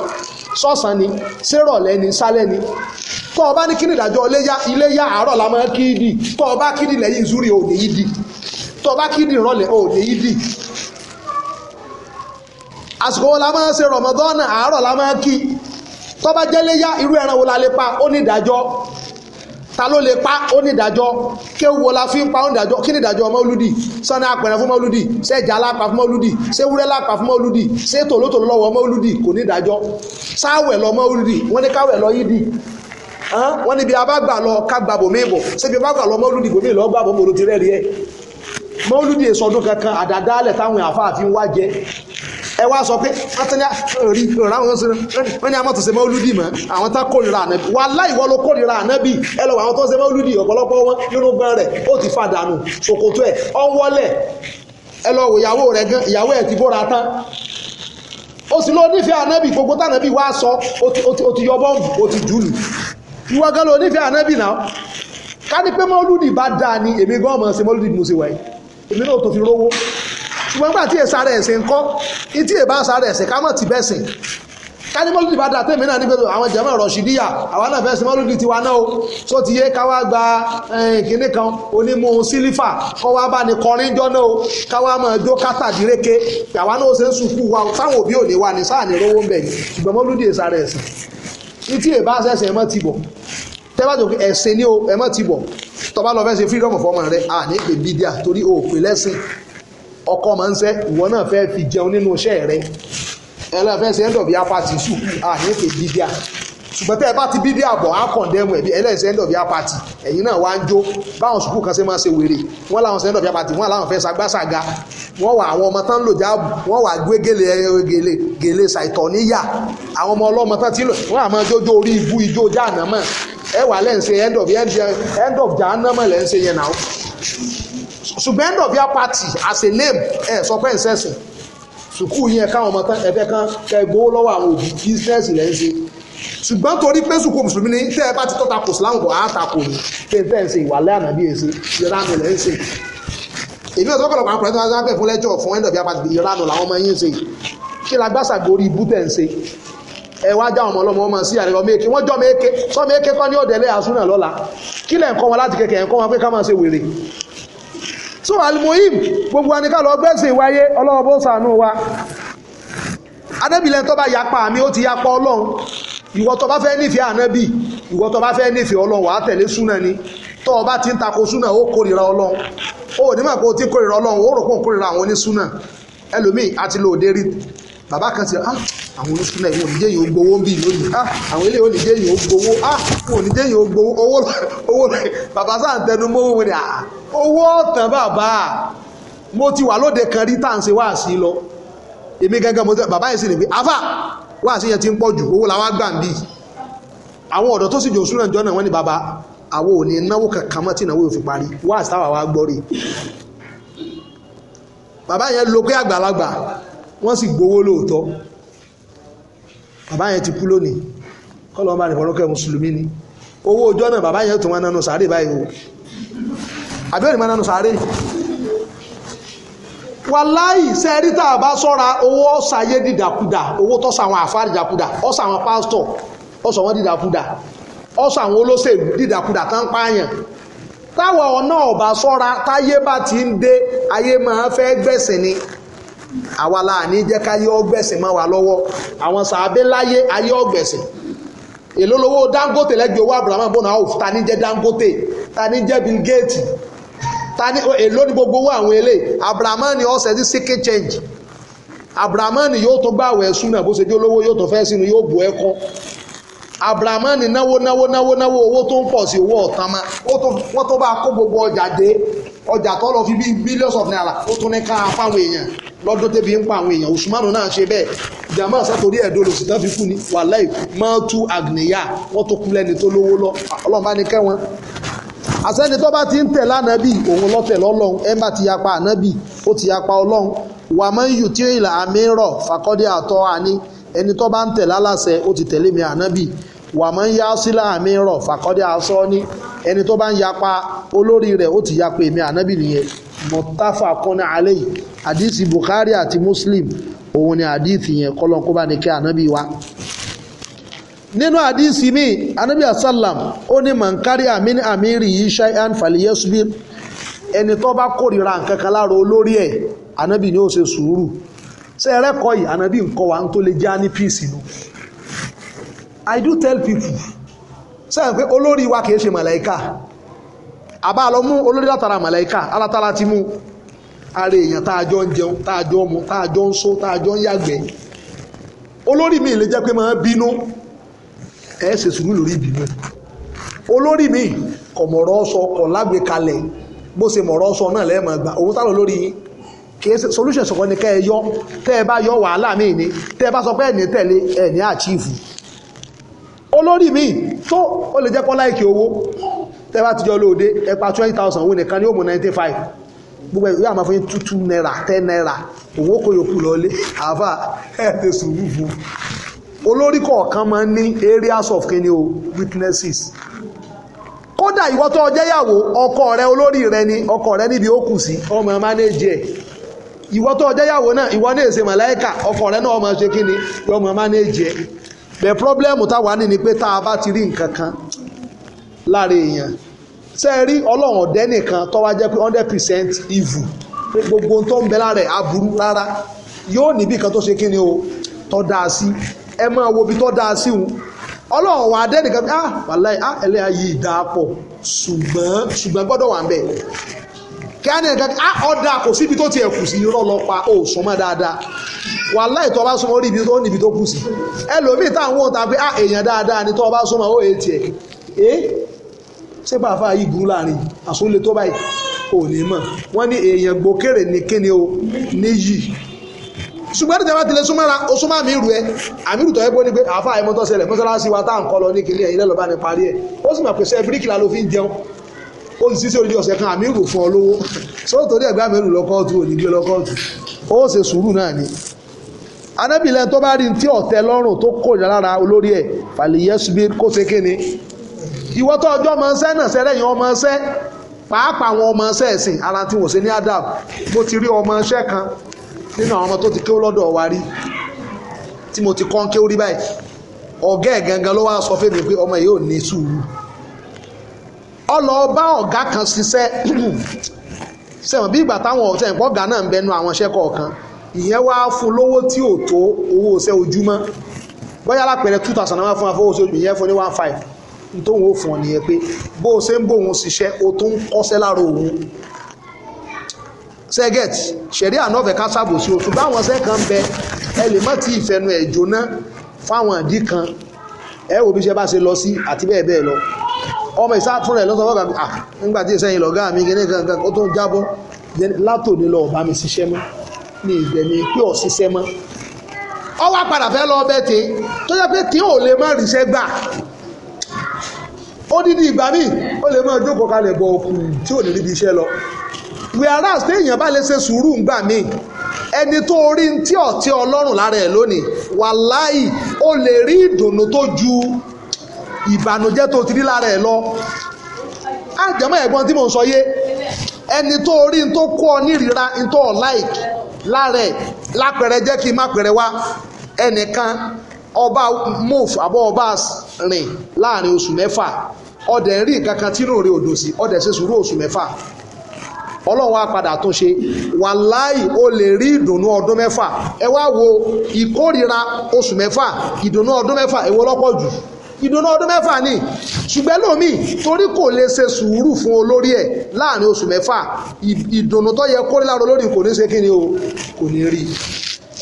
sọ́sàn ni sérọ̀lẹ́ ni sálẹ́ ni tó o bá ní kí ni ìdájọ́ iléyá iléyá àárọ̀ la máa ń kí ìdì tó o bá kí ìdì lẹ́yìn ìzúrí òní ìdì tó bá kí nìrọ̀lẹ́ ò lè yí dì àsìkò wo la máa ń ṣe rọ̀mọdọ́nà àárọ̀ la máa ń kí tó bá jẹ́lé yá irú ẹran wo la lè pa ó ní ìdájọ́ ta ló lè pa ó ní ìdájọ́ kí ó wo la fi ń pa ó ní ìdájọ́ kí ní ìdájọ́ mọ́lúdì sọ́ni apẹ̀rẹ̀ fún mọ́lúdì ṣé ẹja lápá fún mọ́lúdì ṣé ewúrẹ́ lápá fún mọ́lúdì ṣé tòlótòló lọ́wọ́ mọ́lúdì kò ní ìdájọ́ sáwẹ̀ lọ mọ́lúdì wọ́n ní káwẹ̀ lọ yídì wọ́n níbi abágbà lọ kágbàbò mí bọ̀ ṣé ibi abágbà lọ mọ́lúdì gbòmí lọ́gbàbọ̀ mọ́lúdì rẹ̀ rí ẹ̀ mọ́lúdì ìsọdún kankan àdàdálẹ̀ táwọn àfáà fi ń wá jẹ ẹ wá sọ pé látẹ́lẹ́ rí ráwọn sí wọ́n ní a mọ́tò ṣe mọ́lúdì mọ́ àwọn tá kórìíra ànábì wà láì wọ́n ló kórìíra ànábì ẹ lọ àwọn tó ṣe mọ́lúdì ọ̀pọ̀lọpọ̀ wọn yúrúgbọ́n rẹ̀ ó ti fa dànù ṣòkòtò ẹ̀ ọ̀wọ́lẹ̀ ẹ lọ wò ìyàwó rẹ̀ gan ìyàwó ẹ̀ ti bóra tán ó sì lọ nífẹ̀ẹ́ ànábì gbogbo tànábì wá sọ ó ti yọ bọ́ǹbù ó ti jùlù ìwọ gan ló nífẹ̀ẹ́ ànábì náà ká ní pé mọ́lúdì bá dáa ni èmi gan ọmọ ṣe mọ́lúdì mo ṣe wáyé èmi náà tó fi rówó ṣùgbọ́n gbà tí èsà rẹ̀ ẹ̀sìn ń kọ́ etí èbá àṣà rẹ̀ ẹ̀sìn ká mọ̀ ti bẹ́sìn kánimọ́lùdì bá dà tẹ́mì náà ní pẹ̀lú àwọn jẹ́mọ̀ rọ̀ṣìdíyà àwọn náà fẹ́ sí mọ́lùdì tiwa náà o tó ti yé káwá gba eh, kínní kan onímọ̀ sílífà kọ́wá bá ní kọrin jọ́ náà o káwá máa jó kátàdínlẹ́kẹ́ àwọn náà ó ṣe ń sùkú wa sáwọn òbí ò ní wa ní sáà ní rówó ń bẹ̀ ṣùgbọ́n mọ́lùdì èsà rẹ̀ ẹ̀sìn tẹ́bàtò ẹ̀sìn ní o ẹ má ti bọ̀ tọba lọ fẹ́ ṣe freedom of ọmọ rẹ à ní pè bídíà torí o pè lẹ́sìn ọkọ máa ń sẹ́ ìwọ náà fẹ́ fi jẹun nínú iṣẹ́ rẹ ẹ lọ fẹ́ ṣe end of year party sùkú à ní pè bídíà ṣùgbọ́n tẹ́ ẹ bá ti bídíà bọ̀ á condemn ẹ̀bí ẹlẹ́sìn end of year party ẹ̀yin náà wá ń jó báwọn sùkú kan ṣe máa ṣe wèrè wọ́n láwọn ṣe end of year party wọ́n láwọn fẹ́ sagbáṣàga wọ́n wà àwọn ọmọ tán lò jáàbù wọ́n wà gbé gèlè gèlè gèlè ṣàìtọ̀ níyà àwọn ọmọ ọlọ́mọ tán ti lò wọ́n àmọ́ jójó orí ibú ijó jáànámọ̀ ẹ wà lẹ́ǹsẹ̀ end of end, end of jáànámọ̀ lẹ́ǹsẹ̀ yẹn náà ṣùgbọ́n end of your party as a name ẹ sọ pé ǹsẹ̀sìn sùkúù yẹn káwọn ọmọ ẹ̀fẹ́ kan kẹ gbowó lọ́wọ́ àwọn òbí business lẹ́ǹsẹ̀ ṣùgbọ́n torí pé sùkúù mùsùlùmí ni tẹ́ ẹ bá ti tọ́ta kò sílámù kò á takò ní pé tẹ́ ẹ̀ ń ṣe ìwàlẹ́ ànábìyèsí ìrànlẹ̀ ń èmi ọ̀tọ́ ọ̀pọ̀lọpọ̀ àwọn pẹ̀lú àwọn fún lẹ́jọ́ fún end of year party ìranù làwọn ọmọ yín ń ṣe kí la gbàsà gorí ibú tẹ̀ ń ṣe ẹ wá já ọmọ ọlọmọ ọmọ sí àrẹ ọmọ èké wọ́n jọ́ méke sọ méke kọ́ ní ọ̀dẹ̀lẹ̀ àsúnà lọ́la kí lẹ̀ ń kọ́ wọn láti kẹ̀kẹ́ ẹ̀ ń kọ́ wọn pé ká máa ṣe wèrè so alimoyim gbogbo wa ni ká lọ gbẹ́sìn wáyé ọlọ́wọ́ bó sànú wa anábìlẹ̀ tó bá yapa mi ó ti yapa ọlọ́run ìwọ tó bá fẹ́ nífẹ̀ẹ́ ànábì ìwọ tó bá fẹ́ nífẹ̀ẹ́ ọlọ́run wàá tẹ̀lé súnà ni tó o bá ti ń tako súnà ó kórìíra ọlọ́run O ní mọ̀ pé o ti kórìíra ọlọ́run ó rò pé òun kórìíra àwọn ati ẹlòmíì ode lóde rí bàbá kan ti ah àwọn onísúnà ìwọ oníjẹ yìí ó gbowó ń lónìí ah àwọn ilé oníjẹ yìí ó gbowó ah oníjẹ yìí ó gbowó owó owó bàbá sáà ń tẹnu mọ́ ni ah mo ti wà lóde kan rí tá à ń ṣe wáàsí lọ èmi gángan bàbá yẹn sì lè afa wáàsí yẹn ti ń pọ̀ ju owó làwọn àgbà ń bì àwọn ọ̀dọ́ tó sì náà bàbá àwọn ò ní náwó kankan mọ́ tí ìnáwó yóò fi parí wá àtàwà wa gbọ́ rè bàbá yẹn lo pé àgbàlagbà wọ́n sì gbowó lóòótọ́ bàbá yẹn ti kú lónìí kọ́lọ́ bá nìfọ́lọ́kẹ́ mùsùlùmí ni owó ọjọ́ náà bàbá yẹn tó wọn nánú sàárè báyìí o àbẹ́rẹ́ ìmọ̀ nánú sàárè wàláì sẹ́ẹ̀rí tá a bá sọ́ra owó ọ̀sà yé dìdàkudà owó tọ́sà àwọn àfáà dìdàkudà ọ̀sà àwọn pásítọ̀ ọ̀sà wọn dìdàkudà ọsọ àwọn olóṣèlú dídàkudà tán pààyàn táwọn ọ̀nà ọ̀bà sọ́ra táyé bá ti ń dé ayé máa fẹ́ gbẹ̀sìn ni àwa ní jẹ́ káyé ọgbẹ̀sìn mọ́ wà lọ́wọ́ àwọn sàábé láyé ayé ọgbẹ̀sìn èló Dangote lẹ́gbẹ̀ẹ́ owó Abraham bona ta ní jẹ́ Dangote ta ní jẹ́ Bill Gates ta ní èló ní gbogbo owó àwọn eléyìí ni change ni yóò abrahamani náwó náwó náwó náwó owó tó ń pọ̀ sí owó ọ̀tán ma wọ́n tó bá kó gbogbo ọjà dé ọjà tó lọ fi bí billions of naira ó tún ní ká fáwọn èèyàn lọ́dún tẹ́bi ń pa àwọn èèyàn Usmanu náà ṣe bẹ́ẹ̀ jama sátòrí ẹ̀dọ́ lòsì tán fi kú ni wàláì máa tú àgìnìyà wọ́n tó kú lẹ́ni tó lówó lọ ọlọ́run bá ní kẹ́wọn àsẹ́ni tó bá ti ń tẹ̀lé ànábì òun lọ́tẹ̀ lọ́lọ́run ẹ̀ bá ti yapa ànábì ó ti yapa ọlọ́run wà máa ń yù tí ìlà àmì rọ̀ fàkọ́dé àtọ́ àní ẹni tó bá ń tẹ̀lé aláṣẹ ó ti tẹ̀lé mi ànábì wàmọ́ ń yá sílá mi rọ̀ fàkọ́dé aṣọ ní ẹni tó bá ń yapa olórí rẹ̀ ó ti yapa èmi ànábì nìyẹn mọ̀tàfà kọ́nà alẹ́ yìí àdìsí Bukhari àti Muslim òun ni àdìsí yẹn kọ́lọ́n kó bá ní kí ànábì wa. nínú àdìsí mi ànábì asálàm ó ní mọ̀nkárí àmì àmìrì yìí ṣáyán fàlìyẹ́sùbí ẹni tó bá kórìíra nǹkan kan olórí ẹ̀ ànábì ni ó ṣe sùúrù sẹ́ẹ̀rẹ́kọ̀ọ́ yìí ànábì nǹkan wa ń tó le já ní píìsì nù. No I do tell people sẹ́yìn pé olórí wa kìí ṣe màláìka àbá lọ mú olórí látara màláìka alátara ti mú ara èèyàn tá a jọ ń jẹun tá a jọ ń mu tá a jọ ń só tá a jọ ń yàgbẹ́ olórí mi lè jẹ́ pé máa bínú ẹ̀ ṣe sùúrù lórí ìbínú olórí mi kò mọ̀rọ̀ sọ kò lágbèkalẹ̀ bó ṣe mọ̀rọ̀ sọ náà lẹ́ẹ̀mọ̀ gbà òun tá lọ lórí yín kìí ṣe solution sọ̀kan ni kẹ́ ẹ yọ tẹ́ ẹ bá yọ wàhálà míì ni tẹ́ ẹ bá sọ pé ẹ̀ ní tẹ̀lé ẹ̀ ní àchíìfù olórí mi tó ó lè jẹ́ kọ́ láìkì owó tẹ́bá tíjọ́ lóòdé ẹpa 20,000 owó nìkan ní òmù 95 gbogbo ẹ̀rọ àmà fún yín tútù náírà 10 náírà òun ó kó yòókù lọ́lé àfà ẹ̀ẹ́dẹ̀ sùúrù olórí kọ̀ọ̀kan máa ń ní areas of kini o weaknesses kódà ìwọ tó jẹ́yàwó ọkọ rẹ olórí rẹ ni ọkọ rẹ níbi ó kù sí ọmọ manager. ẹ̀ ìwọ tó jẹ́yàwó náà ìwọ náà ṣe màláìkà ọkọ rẹ náà ọmọ ṣe kíni ọmọ mánéjì bẹ́ẹ̀ pírọ́blẹ́mù táwa ní ni pé tá a bá ti rí nǹkan kan lára èèyàn ṣe rí ọlọ́run ọ̀dẹ́ nìkan tó wá jẹ́ pé gbogbo tó ń bẹ lára aburú rárá yóò níbi kan tó ṣe kí o tó dáa sí ẹ máa wo ibi tó dáa sí òun ọlọ́run wà dẹ́ nìkan ah wàláì ah ẹlẹ́yà yìí dáa pọ̀ ṣùgbọ́n kí á ní ẹ̀ka á ọ̀dà kò síbi tó ti ẹ̀ kù sí irọ́ lọ pa ó súnmọ́ dáadáa wàláì tó bá súnmọ́ orí ibi tó níbi tó kù sí ẹlòmíì táwọn ohun tàbí á èèyàn dáadáa ni tó bá súnmọ́ ó èé tiẹ̀ é eh? ṣé pàfà yìí gùn láàrin àsúnlé tó báyìí ò ní mọ̀ wọ́n ní èèyàn gbókèrè ní kíni o níyì ṣùgbọ́n ìjọba tilẹ̀ súnmọ́ra ó súnmọ́ àmìrù ẹ àmìrù tọ́ ẹgbẹ́ ni pé àáfà àìmọ́tọ́sẹlẹ̀ mọ́sálásí wa tá à ń kọ́ lọ ní kíní ẹ̀yìn lẹ́lọ́ba ní parí ẹ̀ ó sì mọ̀ pèsè bíríkìlá ló fi ń jẹun ó sì sí orí ọ̀sẹ̀ kan àmì rò fún ọ lówó sọ́dọ̀ torí ẹ̀gbá mẹ́rin lọ kóòtù òní gbé lọ kóòtù ó ṣe sùúrù náà ni anábìlẹ̀ tó bá rí tí ọ̀tẹ̀ lọ́rùn tó kórìíra lára olórí ẹ̀ fàlìyẹ́sùbí kó ṣe ni. ìwọ́ tó ọjọ́ máa ń sẹ́ náà sẹ́rẹ́ yẹn ọmọ ṣẹ́ pàápàá àwọn ọmọ ṣẹ́ ẹ̀sìn ara tí wọ́n ṣe ní adab mo ti rí ọmọ ṣẹ́ kan nínú àwọn ọmọ tó ti kéwó lọ́dọ̀ wa rí tí mo ti kọ́ ń kéwó rí báyìí ọ̀gá ẹ̀ gangan ló wá sọ fún mi pé ọmọ yìí ò ní sùúrù ó lọ bá ọ̀gá kan ṣiṣẹ́ sẹ́wọ̀n [clears throat] bí ìgbà táwọn ọ̀sẹ̀ ìpọ̀ ọ̀gá náà ń bẹnu àwọn iṣẹ́ kọ̀ọ̀kan ìyẹn wá fún lówó tí ò tó owó iṣẹ́ ojúmọ́ bóyá lápẹ̀rẹ̀ two thousand náà fún wa fowó sójú ìyẹn fún ní one five nítorí òun ò fún ọ nìyẹn pé bó o ṣe ń bòun ṣiṣẹ́ o tó ń kọ́ṣẹ́ lára òun seget ṣẹ̀rí ànáfẹ́ ká ṣàbòsí oṣù báwọn ọ̀sẹ̀ kan bẹ ẹ lè má ti ìfẹnu ẹ̀ jóná fáwọn ìdí kan ẹ wò bí iṣẹ́ bá ṣe lọ sí àti bẹ́ẹ̀ bẹ́ẹ̀ lọ ọmọ ìsáàtún rẹ̀ gàgbé à ah, nígbà ìsẹ́yìn lọ́gá mi kí ní ó tó ń jábọ́ látòní lọ ọ̀bá mi ṣiṣẹ́ mọ́ ní ìgbẹ̀mí pé ọ̀ ṣiṣẹ́ mọ́ ọ wá padà fẹ́ lọ ọbẹ̀ tí tó yẹ pé tí lè má ríṣẹ́ gbà ó dídí ìgbà ó lè má jókòó kalẹ̀ bọ̀ lọ téèyàn bá lè ṣe sùúrù ńgbà ẹni tó tí ọlọ́run lára ẹ̀ lónìí lè rí ìdùnnú tó ju ìbànújẹ́ tó ti rí lára ẹ̀ lọ ah, àjẹmọ́ ẹ̀gbọ́n tí mò ń sọ yé ẹni tó rí tó kó ọ nírira tó ọ láìkì lára ẹ̀ lápẹẹrẹ jẹ́ kí n má pẹ̀rẹ̀ wá ẹnìkan ọba move àbọ̀ ọba rìn láàrin oṣù mẹ́fà ọdẹ ń rí nǹkan kan tí ròrè òdò sí ọdẹ ṣe sùúrù oṣù mẹ́fà ọlọ́run wa padà tún ṣe wàláì o lè rí ìdùnnú ọdún mẹ́fà ẹ wá wo ìkórira oṣù mẹ́fà ìdùnnú ọdún mẹ́fà èwo jù ìdùnnú ọdún mẹ́fà ni ṣùgbẹ́ lómi torí kò lè ṣe sùúrù fún olórí ẹ̀ láàrin oṣù mẹ́fà ìdùnnú tó yẹ kórè láàrin olórí kò ní ṣe kíni o kò ní rí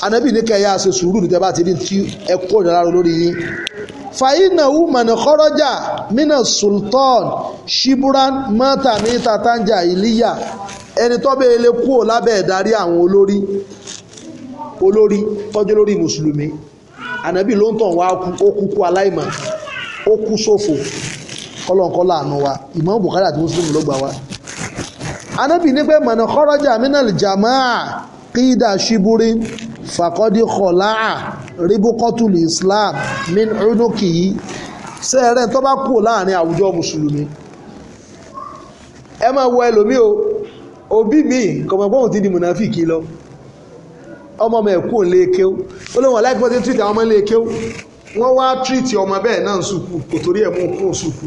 anabi ní kẹyà ṣe sùúrù ní tẹ́bá ti rí tí ẹ kórè láàrin olórí yín fàyínà woman kọ́rọ́jà mina sultan shiburan mata ní tatanja iliya ẹni tó bẹ́ẹ̀ lè kú ò lábẹ́ ìdarí àwọn olórí olórí tọ́jú lórí mùsùlùmí anabi ló ń tàn wá ó kúkú aláìmọ̀ ó kú sófo kọlọ̀nkọ́ láàánú wa Imam Bukhari àti Muslim ló gbà wá. anábì ní pé mọ̀nà kọ́rọ́jà minal jamaa qida shiburi fàkọ́dí kọ̀láà ribukọ́tul islam min unuki yìí sẹ́ẹ̀rẹ́ tó bá kú láàrin àwùjọ mùsùlùmí ẹ máa wọ ẹlòmí o òbí mi kọ̀mọ̀gbọ́n ti di mùnàfíkì lọ ọmọ ọmọ ẹ̀kú ò lè kéw ó lóun aláìpẹ́ tí tíìtì ọmọ lè kéw wọ́n wá tírìtì ọmọ bẹ́ẹ̀ náà sùkú kò torí ẹ̀ mú kó sùkú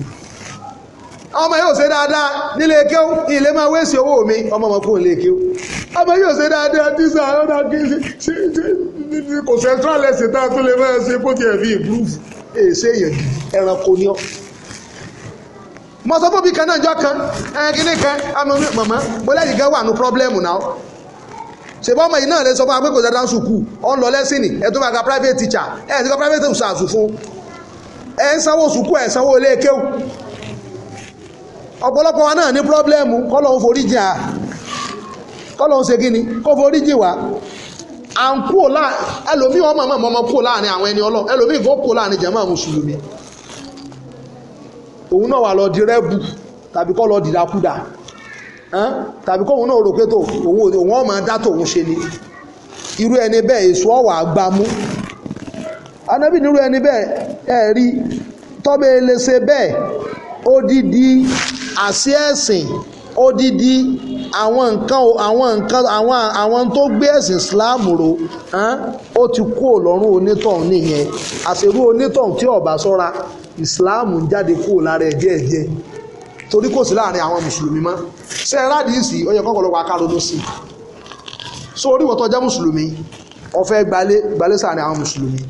ọmọ yóò ṣe dáadáa nílé kéwú ilé máa wéṣì owó mi ọmọ ọmọ kúrò nílé kéwú ọmọ yóò ṣe dáadáa tíṣà ọ̀dà kí ṣe ṣe kò central ẹ̀sìn tá a tún lè máa ṣe bó tiẹ̀ fi improve èsè èèyàn gidi ẹranko ni ọ́. mọ̀sọ́fóbi kan náà jọ kan ẹ̀kíní kan àmì màmá bọ́lá yìí gan wà ní pọ́blẹ́mù náà ṣèbọ́mọ yìí náà lè sọ fún wa pé kò dáadáa sùkú ọ̀n lọ lẹ́sìnì ẹ̀ tó máa ka private teacher ẹ̀ ẹ̀ ti ka private ṣàṣù fún ẹ̀ ń sanwó sùkú ẹ̀ sanwó ilé kéw ọ̀pọ̀lọpọ̀ wa náà ní pírọ́blẹ́mù kọ́lọ̀ ń forí jìn à kọ́lọ̀ ń ṣe kí ni kó forí jìn wá à ń kúò láàrin ẹlòmíì ọmọ ọmọ ọmọ kúò láàrin àwọn ẹni ọlọ́run ẹlòmíì kó kúò láàrin jàmáà mùsùlùmí òun náà wà lọ di rẹ́bù tàbí kọ́ lọ dìdakúdà tàbí kóun náà rò pé tó òun ọmọ dá tòun ṣe ni irú ẹni bẹ́ẹ̀ èso ọ̀wà gbámú anábì nírú ẹni bẹ́ẹ̀ ẹ̀ rí tọ́bẹ̀ elése bẹ́ẹ̀ odidi àṣẹ ẹ̀sìn odidi àwọn nǹkan àwọn nǹkan àwọn àwọn tó gbé ẹ̀sìn Islam ro ó ti kú ọlọ́run onítọ̀hún nìyẹn àṣerú onítọ̀hún tí ọ̀bà sọ́ra Islam ń jáde kúrò lára ẹ̀ díẹ̀díẹ̀ torí kò sí láàrin àwọn mùsùlùmí mọ́ ṣe é rádìísì ó yẹ kọ́kọ́ lọ́wọ́ akárònú sí i so orí wọ́n tó jẹ́ mùsùlùmí ó fẹ́ gbalé gbalé sáàrin àwọn mùsùlùmí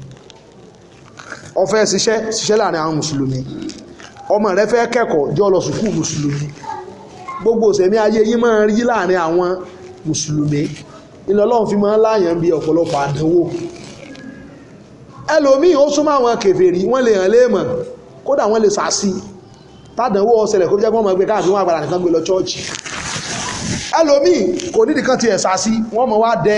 ó fẹ́ ṣiṣẹ́ ṣiṣẹ́ láàrin àwọn mùsùlùmí ọmọ rẹ fẹ́ kẹ́kọ̀ọ́ jọ lọ sùkú mùsùlùmí gbogbo ìṣẹ̀mí ayé yín máa rí láàrin àwọn mùsùlùmí ilẹ̀ ọlọ́run fi máa ń láàyàn bí ọ̀pọ̀lọpọ̀ àdánwò ẹlòmíì ó súnmọ́ àwọn kèfèrí wọ́n lè hàn léèmọ̀ kódà wọ́n lè sàásì tádànwó ọ̀sẹ̀lẹ̀ kó jẹ́ pé wọ́n máa gbé káàkiri wọn àgbàlá nìkan gbé lọ chọ́ọ̀chì ẹlòmíì kò nídìí kan ti ẹ̀sà sí wọ́n máa wá dẹ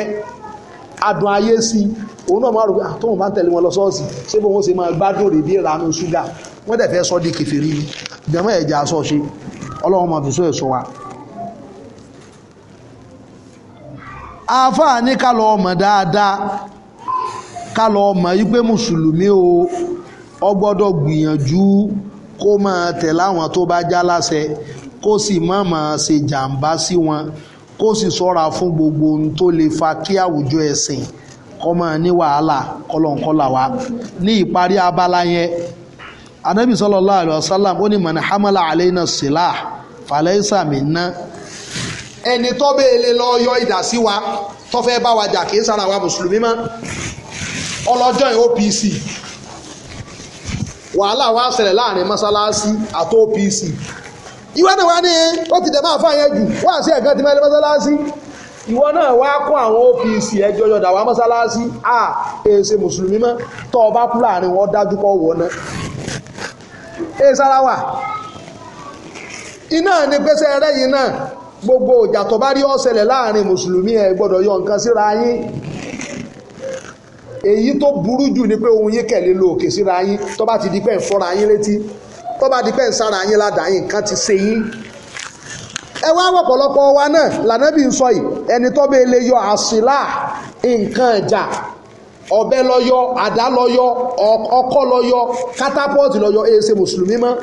adùn ayé sí òun náà máa rò pé àtọ́wọ̀n ah, bá ń tẹ̀lé wọn lọ sọ́ọ̀sì ṣé bí wọ́n ṣe máa gbádùn gbìyànjú kó máa tẹ̀ láwọn tó bá já láṣẹ kó sì má máa ṣe jàǹbá sí wọn kó sì ṣọ́ra fún gbogbo ohun tó lè fa kí àwùjọ ẹ̀sìn kó máa ní wàhálà kọlọ̀ǹkọlà wa ní ìparí abala yẹn anabi sallallahu alayhi wa sallam ó ní man hamala sila silah falaysa minna ẹni tó bẹ́ẹ̀ lè lọ yọ ìdá sí wa tó fẹ́ bá wa jà kì í sára wa mùsùlùmí mọ́ ọlọ́jọ́ yìí OPC wàhálà wá ṣẹlẹ̀ láàrin mọ́sálásí àti OPC ìwọ náà wá ní ó ti dẹ̀mọ́ àfáàyẹ jù wá sí ẹ̀kan ti máa lé mọ́sálásí ìwọ náà wá kún àwọn OPC ẹjọ́ yọ̀dà wá mọ́sálásí à èsè mùsùlùmí mọ́ tọ́ ọba kú láàrin wọn dájú kọ́ wọ náà ẹ sára wà iná ní pẹ́sẹ́ ẹrẹ́yìn náà gbogbo ìjà tó bá rí ó ṣẹlẹ̀ láàrin mùsùlùmí ẹ gbọ́dọ̀ yọ nǹkan síra yín èyí tó burú jù ni pé ohun yín kẹ̀lé lo òkè síra yín tó bá ti di pẹ́ ń fọ́ra yín létí tó bá di pẹ́ ń sára yín ládàá yín nǹkan ti ṣe yín ẹ wá ọ̀pọ̀lọpọ̀ wa náà lànàbí ń sọ yìí ẹni tó bẹ́ẹ̀ lè yọ àṣìlá nǹkan ẹ̀jà ọ̀bẹ lọ́yọ àdá lọ́yọ ọkọ́ lọ́yọ kátápọ́ọ̀tì lọ́yọ èsè mùsùlùmí mọ́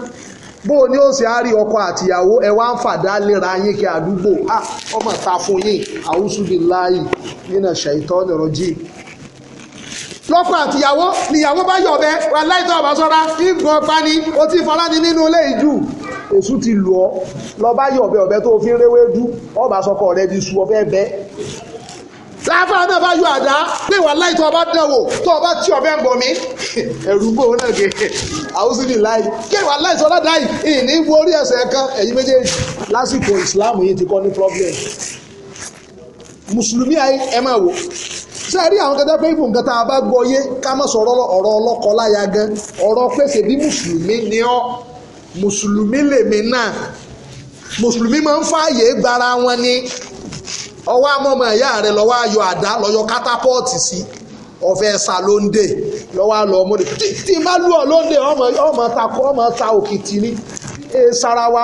bó o ní ó sì á rí ọkọ àtìyàwó ẹ wá ń fàdá léra yín kí àdúgbò ah, ọmọ ta fún yín àwùsùlùmí láàyè nínú ṣàìtọ́ nìrọ̀jì lọ́kọ àtìyàwó níyàwó bá yọ̀ bẹ́ẹ̀ wà láìtọ́ ọ̀bà sọ́ra ìgbọ̀n pani o ti fọlá ní nínú ilé ìjù èṣù ti lù ọ́ lọ bá yọ̀ bẹ́ẹ̀ ọ̀bẹ tó fi réwé dú ọ̀bà sọkọ rẹ di su ọ̀fẹ́ bẹ́ẹ̀ láfáà náà bá yọ àdá pé wà láì tó ọba dánwò tó ọba tí ọbẹ̀ ń bọ̀ mí ẹ̀rù bò náà gé àwùjọ ní láì kí wà láì tó ọlọ́dà yìí ìní wo orí ẹsẹ̀ kan ẹ̀yìn méjèèjì lásìkò ìsìláàmù yìí ti kọ́ ní problem mùsùlùmí ẹ máa wò ṣe rí àwọn kẹta pé ìfò nǹkan bá ká má ọ̀rọ̀ ọlọ́kọ láya gan ọ̀rọ̀ pèsè bí mùsùlùmí ni ọ́ mùsùlùmí lèmi náà mùsùlùmí máa ń fààyè gbara wọn ni ọwọ́ amọ́mọ ẹ̀yà rẹ̀ lọ́wọ́ ayọ̀ àdá lọ́yọ̀ kátápọ́ọ̀tì sí ọ̀fẹ́ lọ́wọ́ àlọ́ ọmọdé tí má lù ọ́ lóńdè ọmọ takọ ọmọ ta òkìtì ni ẹ sara wa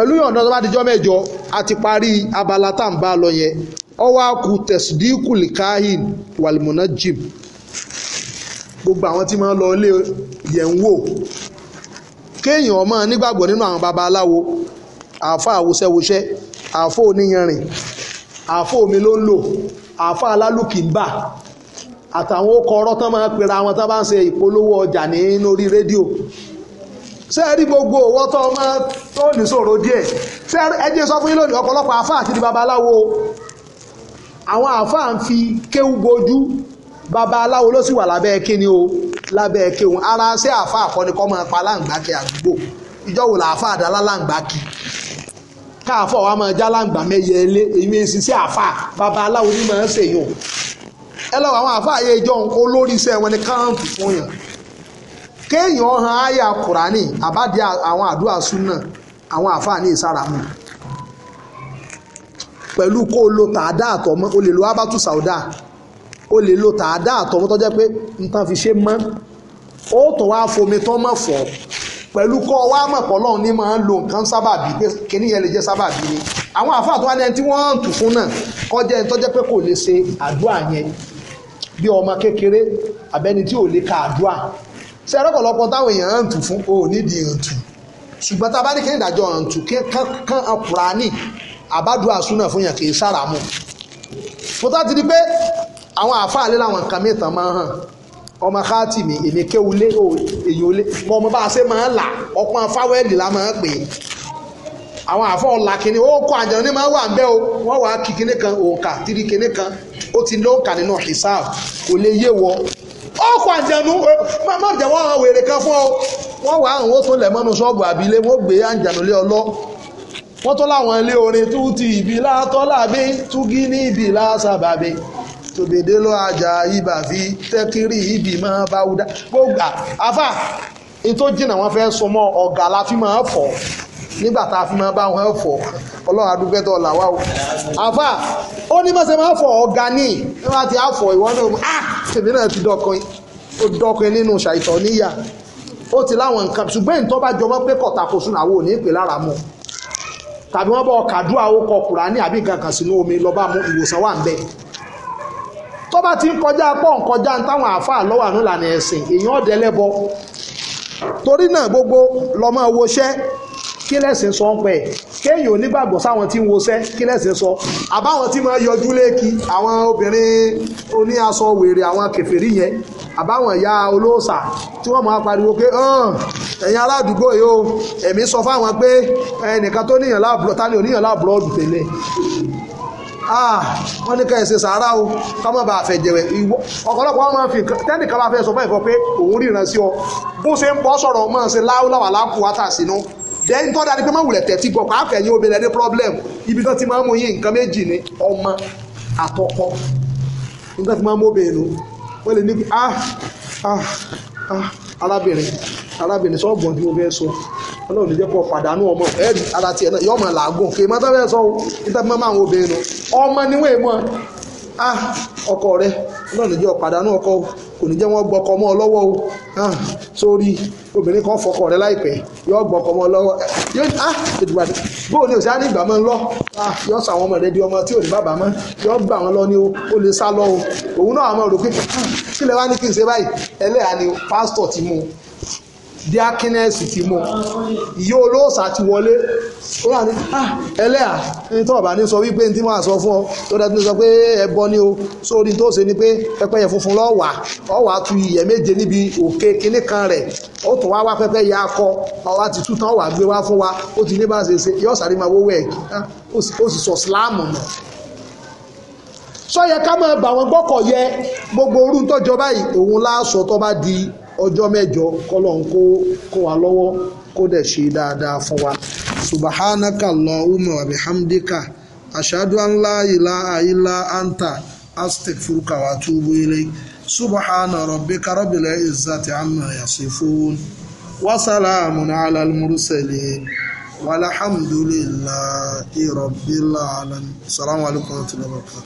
o pẹ̀lú tó bá mẹ́jọ a ti parí abala tá à ń bá lọ yẹn ọwọ́ àkú tẹ̀sídìkù lìkáhìn wàlìmọ̀nà jim gbogbo àwọn tí máa ń lọ ilé yẹn ń wò kéèyàn ọmọ nígbàgbọ́ nínú àwọn babaláwo àáfà àwòṣẹ́wòṣẹ́ àáfà oníyanrìn àáfà omi ló ń lò àáfà alálùkìńbà àtàwọn ó kọ ọ̀rọ̀ tán máa ń pera wọn tán bá ń ṣe ìpolówó ọjà ní lórí rédíò sẹ́ẹ̀rí gbogbo òwò tó ọmọ tó nìṣòro díẹ̀ sẹ́ẹ̀rí ẹjẹ́ sọ fún yín lónìí ọ̀pọ̀lọpọ̀ àáfà àti ní babaláwo àwọn àáfà ń fi kéwú gbojú babaláwo ló sì wà lábẹ́ kíni o lábẹ́ kéwú ara ṣé àáfà àkọ́nikọ́ máa pa láǹgbákẹ́ àdúgbò ìjọ wò làáfà àdálá láǹgbákì káàfọ̀ wa máa já láǹgbà mẹ́yẹ ilé èyí èsì sí àáfà babaláwo ní máa ń ṣèyàn ẹ lọ́wọ́ àwọn àáfà ayé ìjọ kéèyàn han àyà kùránì àbádì àwọn àdúrà súnà àwọn àfáàní ìsáramù pẹ̀lú kó o lo tàádá àtọ̀mọ́ o lè lo abatu sauda o lè lo tàádá àtọ̀mọ́ tó jẹ́ pé nǹkan fi ṣe mọ́ o tó wá fomi tán mọ̀ fọ́ pẹ̀lú kọ́ wá mọ̀ pọ̀ lo nǹkan sábàbí pé kíní yẹn lè jẹ́ sábàbí ni àwọn tó wá ní ẹni tí wọ́n ń tù fún náà kọjá ẹni tó jẹ́ pé kò lè ṣe àdúrà ka àdúrà ṣe ẹ̀rọ́pọ̀lọpọ̀ táwọn èèyàn hàn tù fún o nídìí hàn tù ṣùgbọ́n tá a bá ní kí ní ìdájọ́ hàn tù kán kúránì àbádùn àsúnà fún yàn kì í sára mo tá ti di pé àwọn àáfàá lé làwọn nǹkan mìíràn máa hàn ọmọ káàtì mi èmi kéwulé la máa ń pè é àwọn ọ̀la kìíní ó ní máa wà ń bẹ́ o wọ́n wàá kí kinní kan òǹkà kinní kan ó ti lóǹkà ọkọ̀ àjẹnú má jẹ́ wọ́n àwọn wèrè kan fún ọ wọ́n wà àwọn ó tún lẹ̀ mọ́nu ṣọ́ọ̀bù àbílé wọ́n gbé àjẹnú lé ọlọ́ wọ́n tó láwọn ilé orin tó ti ìbí látọ́ làbí túgí ní ìbí lásàbàbí tòbèdè ló àjà ibà fi ìbí máa bá wúdà gbogbo àfà ètò jìnnà wọn fẹ́ so mọ́ ọ̀gá máa fọ̀ nígbà tá a fi máa bá wọn fọ̀ ọlọ́run adúgbẹ́tọ̀ làwà o àfà ó ní mọ̀sẹ̀ máa fọ̀ ọ̀gá ní wọ́n ti á fọ̀ ìwọ náà ah tèmi náà ti dọkùn ó dọkùn nínú ṣàìtọ̀ níyà ó ti láwọn nǹkan ṣùgbọ́n ìtọ́ bá jọmọ́ pé kọ̀tàkùsùn àwọn ò ní pè lára mu tàbí wọ́n bọ́ kàdúrà ó kọ kùránì àbí nǹkan kan sínú omi lọ́ba mú ìwòsàn wà ń bẹ̀ tó bá ti ń kọjá pọ̀ ń kọjá ń táwọn àáfàá lọ́wọ́ àánú lànà ẹ̀sìn èèyàn ọ̀dẹ́lẹ́bọ torí náà gbogbo lọ́mọ owó ṣẹ́ kí lẹ́sìn sọ ń pẹ́ kéèyàn onígbàgbọ́ sáwọn tí ń wọṣẹ́ kí lẹ́sìn sọ àbáwọn tí máa yọjú léèkì àwọn obìnrin oní aṣọ wèrè àwọn kèfèrí yẹn àbáwọn ìyá olóòṣà tí wọ́n máa pariwo pé ẹ̀yin aládùúgbò yìí o ẹ̀mí sọ fáwọn pé ẹnìkan tó níyàn láàbùrọ̀ ta ni oníyàn láàbùrọ̀ ọdún tẹ́lẹ̀ ah, wọ́n ní kẹ́hìn ṣe sàárà o káwọn bá fẹ́ jẹ̀wẹ̀ ọ̀pọ̀lọpọ̀ wọn máa fi tẹ́nìkan bá fẹ́ sọ fún ẹ̀fọ́ pé òun ríran sí ọ bó ṣe ń bọ́ sọ̀rọ̀ máa ṣe láúláwà lápò wátà sínú then tọ́da ni pé má wulẹ̀ tẹ̀tí gbọ̀ pàápàá ẹ̀yin obìnrin ní problem ibi tó ti máa ń mú yín nǹkan méjì ni ọmọ àtọkọ nǹkan ti máa ń mú obìnrin nu wọ́n lè ní ah ah ah arábìnrin arábìnrin sọ́ọ̀bùn tí mo fẹ́ sọ ọlọ́run ní jẹ́ kó pàdánù ọmọ ẹ̀rí ara tiẹ̀ náà yọ ọmọ làágùn kì í máa tọ́fẹ́ sọ níta fún àwọn obìnrin nu ọmọ níwèé mọ́ ah ọkọ rẹ ọlọ́run ní jẹ́ ọ̀pàdánù ọkọ kò ní jẹ́ wọ́n gbọ́kọ mọ́ ọ lọ́wọ́ o ah, sórí obìnrin kan fọkọ rẹ láìpẹ́ yóò gbọ́kọ mọ́ ọ lọ́wọ́ yóò ní ah ìdùbà bóò ni òsì á ní ìgbà mọ́ ń lọ ah, yóò sọ àwọn ọmọ rẹ di ọmọ tí ò ní bàbá mọ́ yóò gbà wọ́n lọ ni ó lè sá lọ o òun náà àwọn rò pé ah, kí lè wá ní kí n ṣe báyìí ẹlẹ́yà ni pásítọ̀ ti mú un diakinesi ti mú ìyá olóòsà ti wọlé ó wà ní ah, ẹlẹ́à ní tó ọ̀bà ní sọ wípé ní tí wọ́n á sọ fún ọ tó dájú ní sọ pé ẹbọ ni o sórí tó ṣe ni pé pẹ́pẹ́yẹ funfun lọ́wà ọ̀wà tu iyẹ̀ méje níbi òkè kinní kan rẹ̀ ó tún wá wá pẹ́pẹ́yẹ akọ ọ̀wà ti tú tán wà gbé wá fún wa ó ti ní bá ṣe ṣe yóò sáré máa wówó ẹ̀ ah, ó sì sọ síláàmù náà sọ yẹ ká máa bà wọn gbọ́kọ̀ yẹ gbogbo orú tó òun láàṣọ tó bá di ọjọ́ mẹ́jọ kọ́lọ̀ ń kó kó wa lọ́wọ́ kó dẹ̀ ṣe dáadáa fún wa subhanaka allahumma wa bihamdika ashhadu an la ilaha illa anta astaghfiruka wa atubu ilayk subhana rabbika rabbil izzati amma yasifun wa salamun ala al mursalin walhamdulillahi rabbil alamin assalamu alaikum wa rahmatullahi wa barakatuh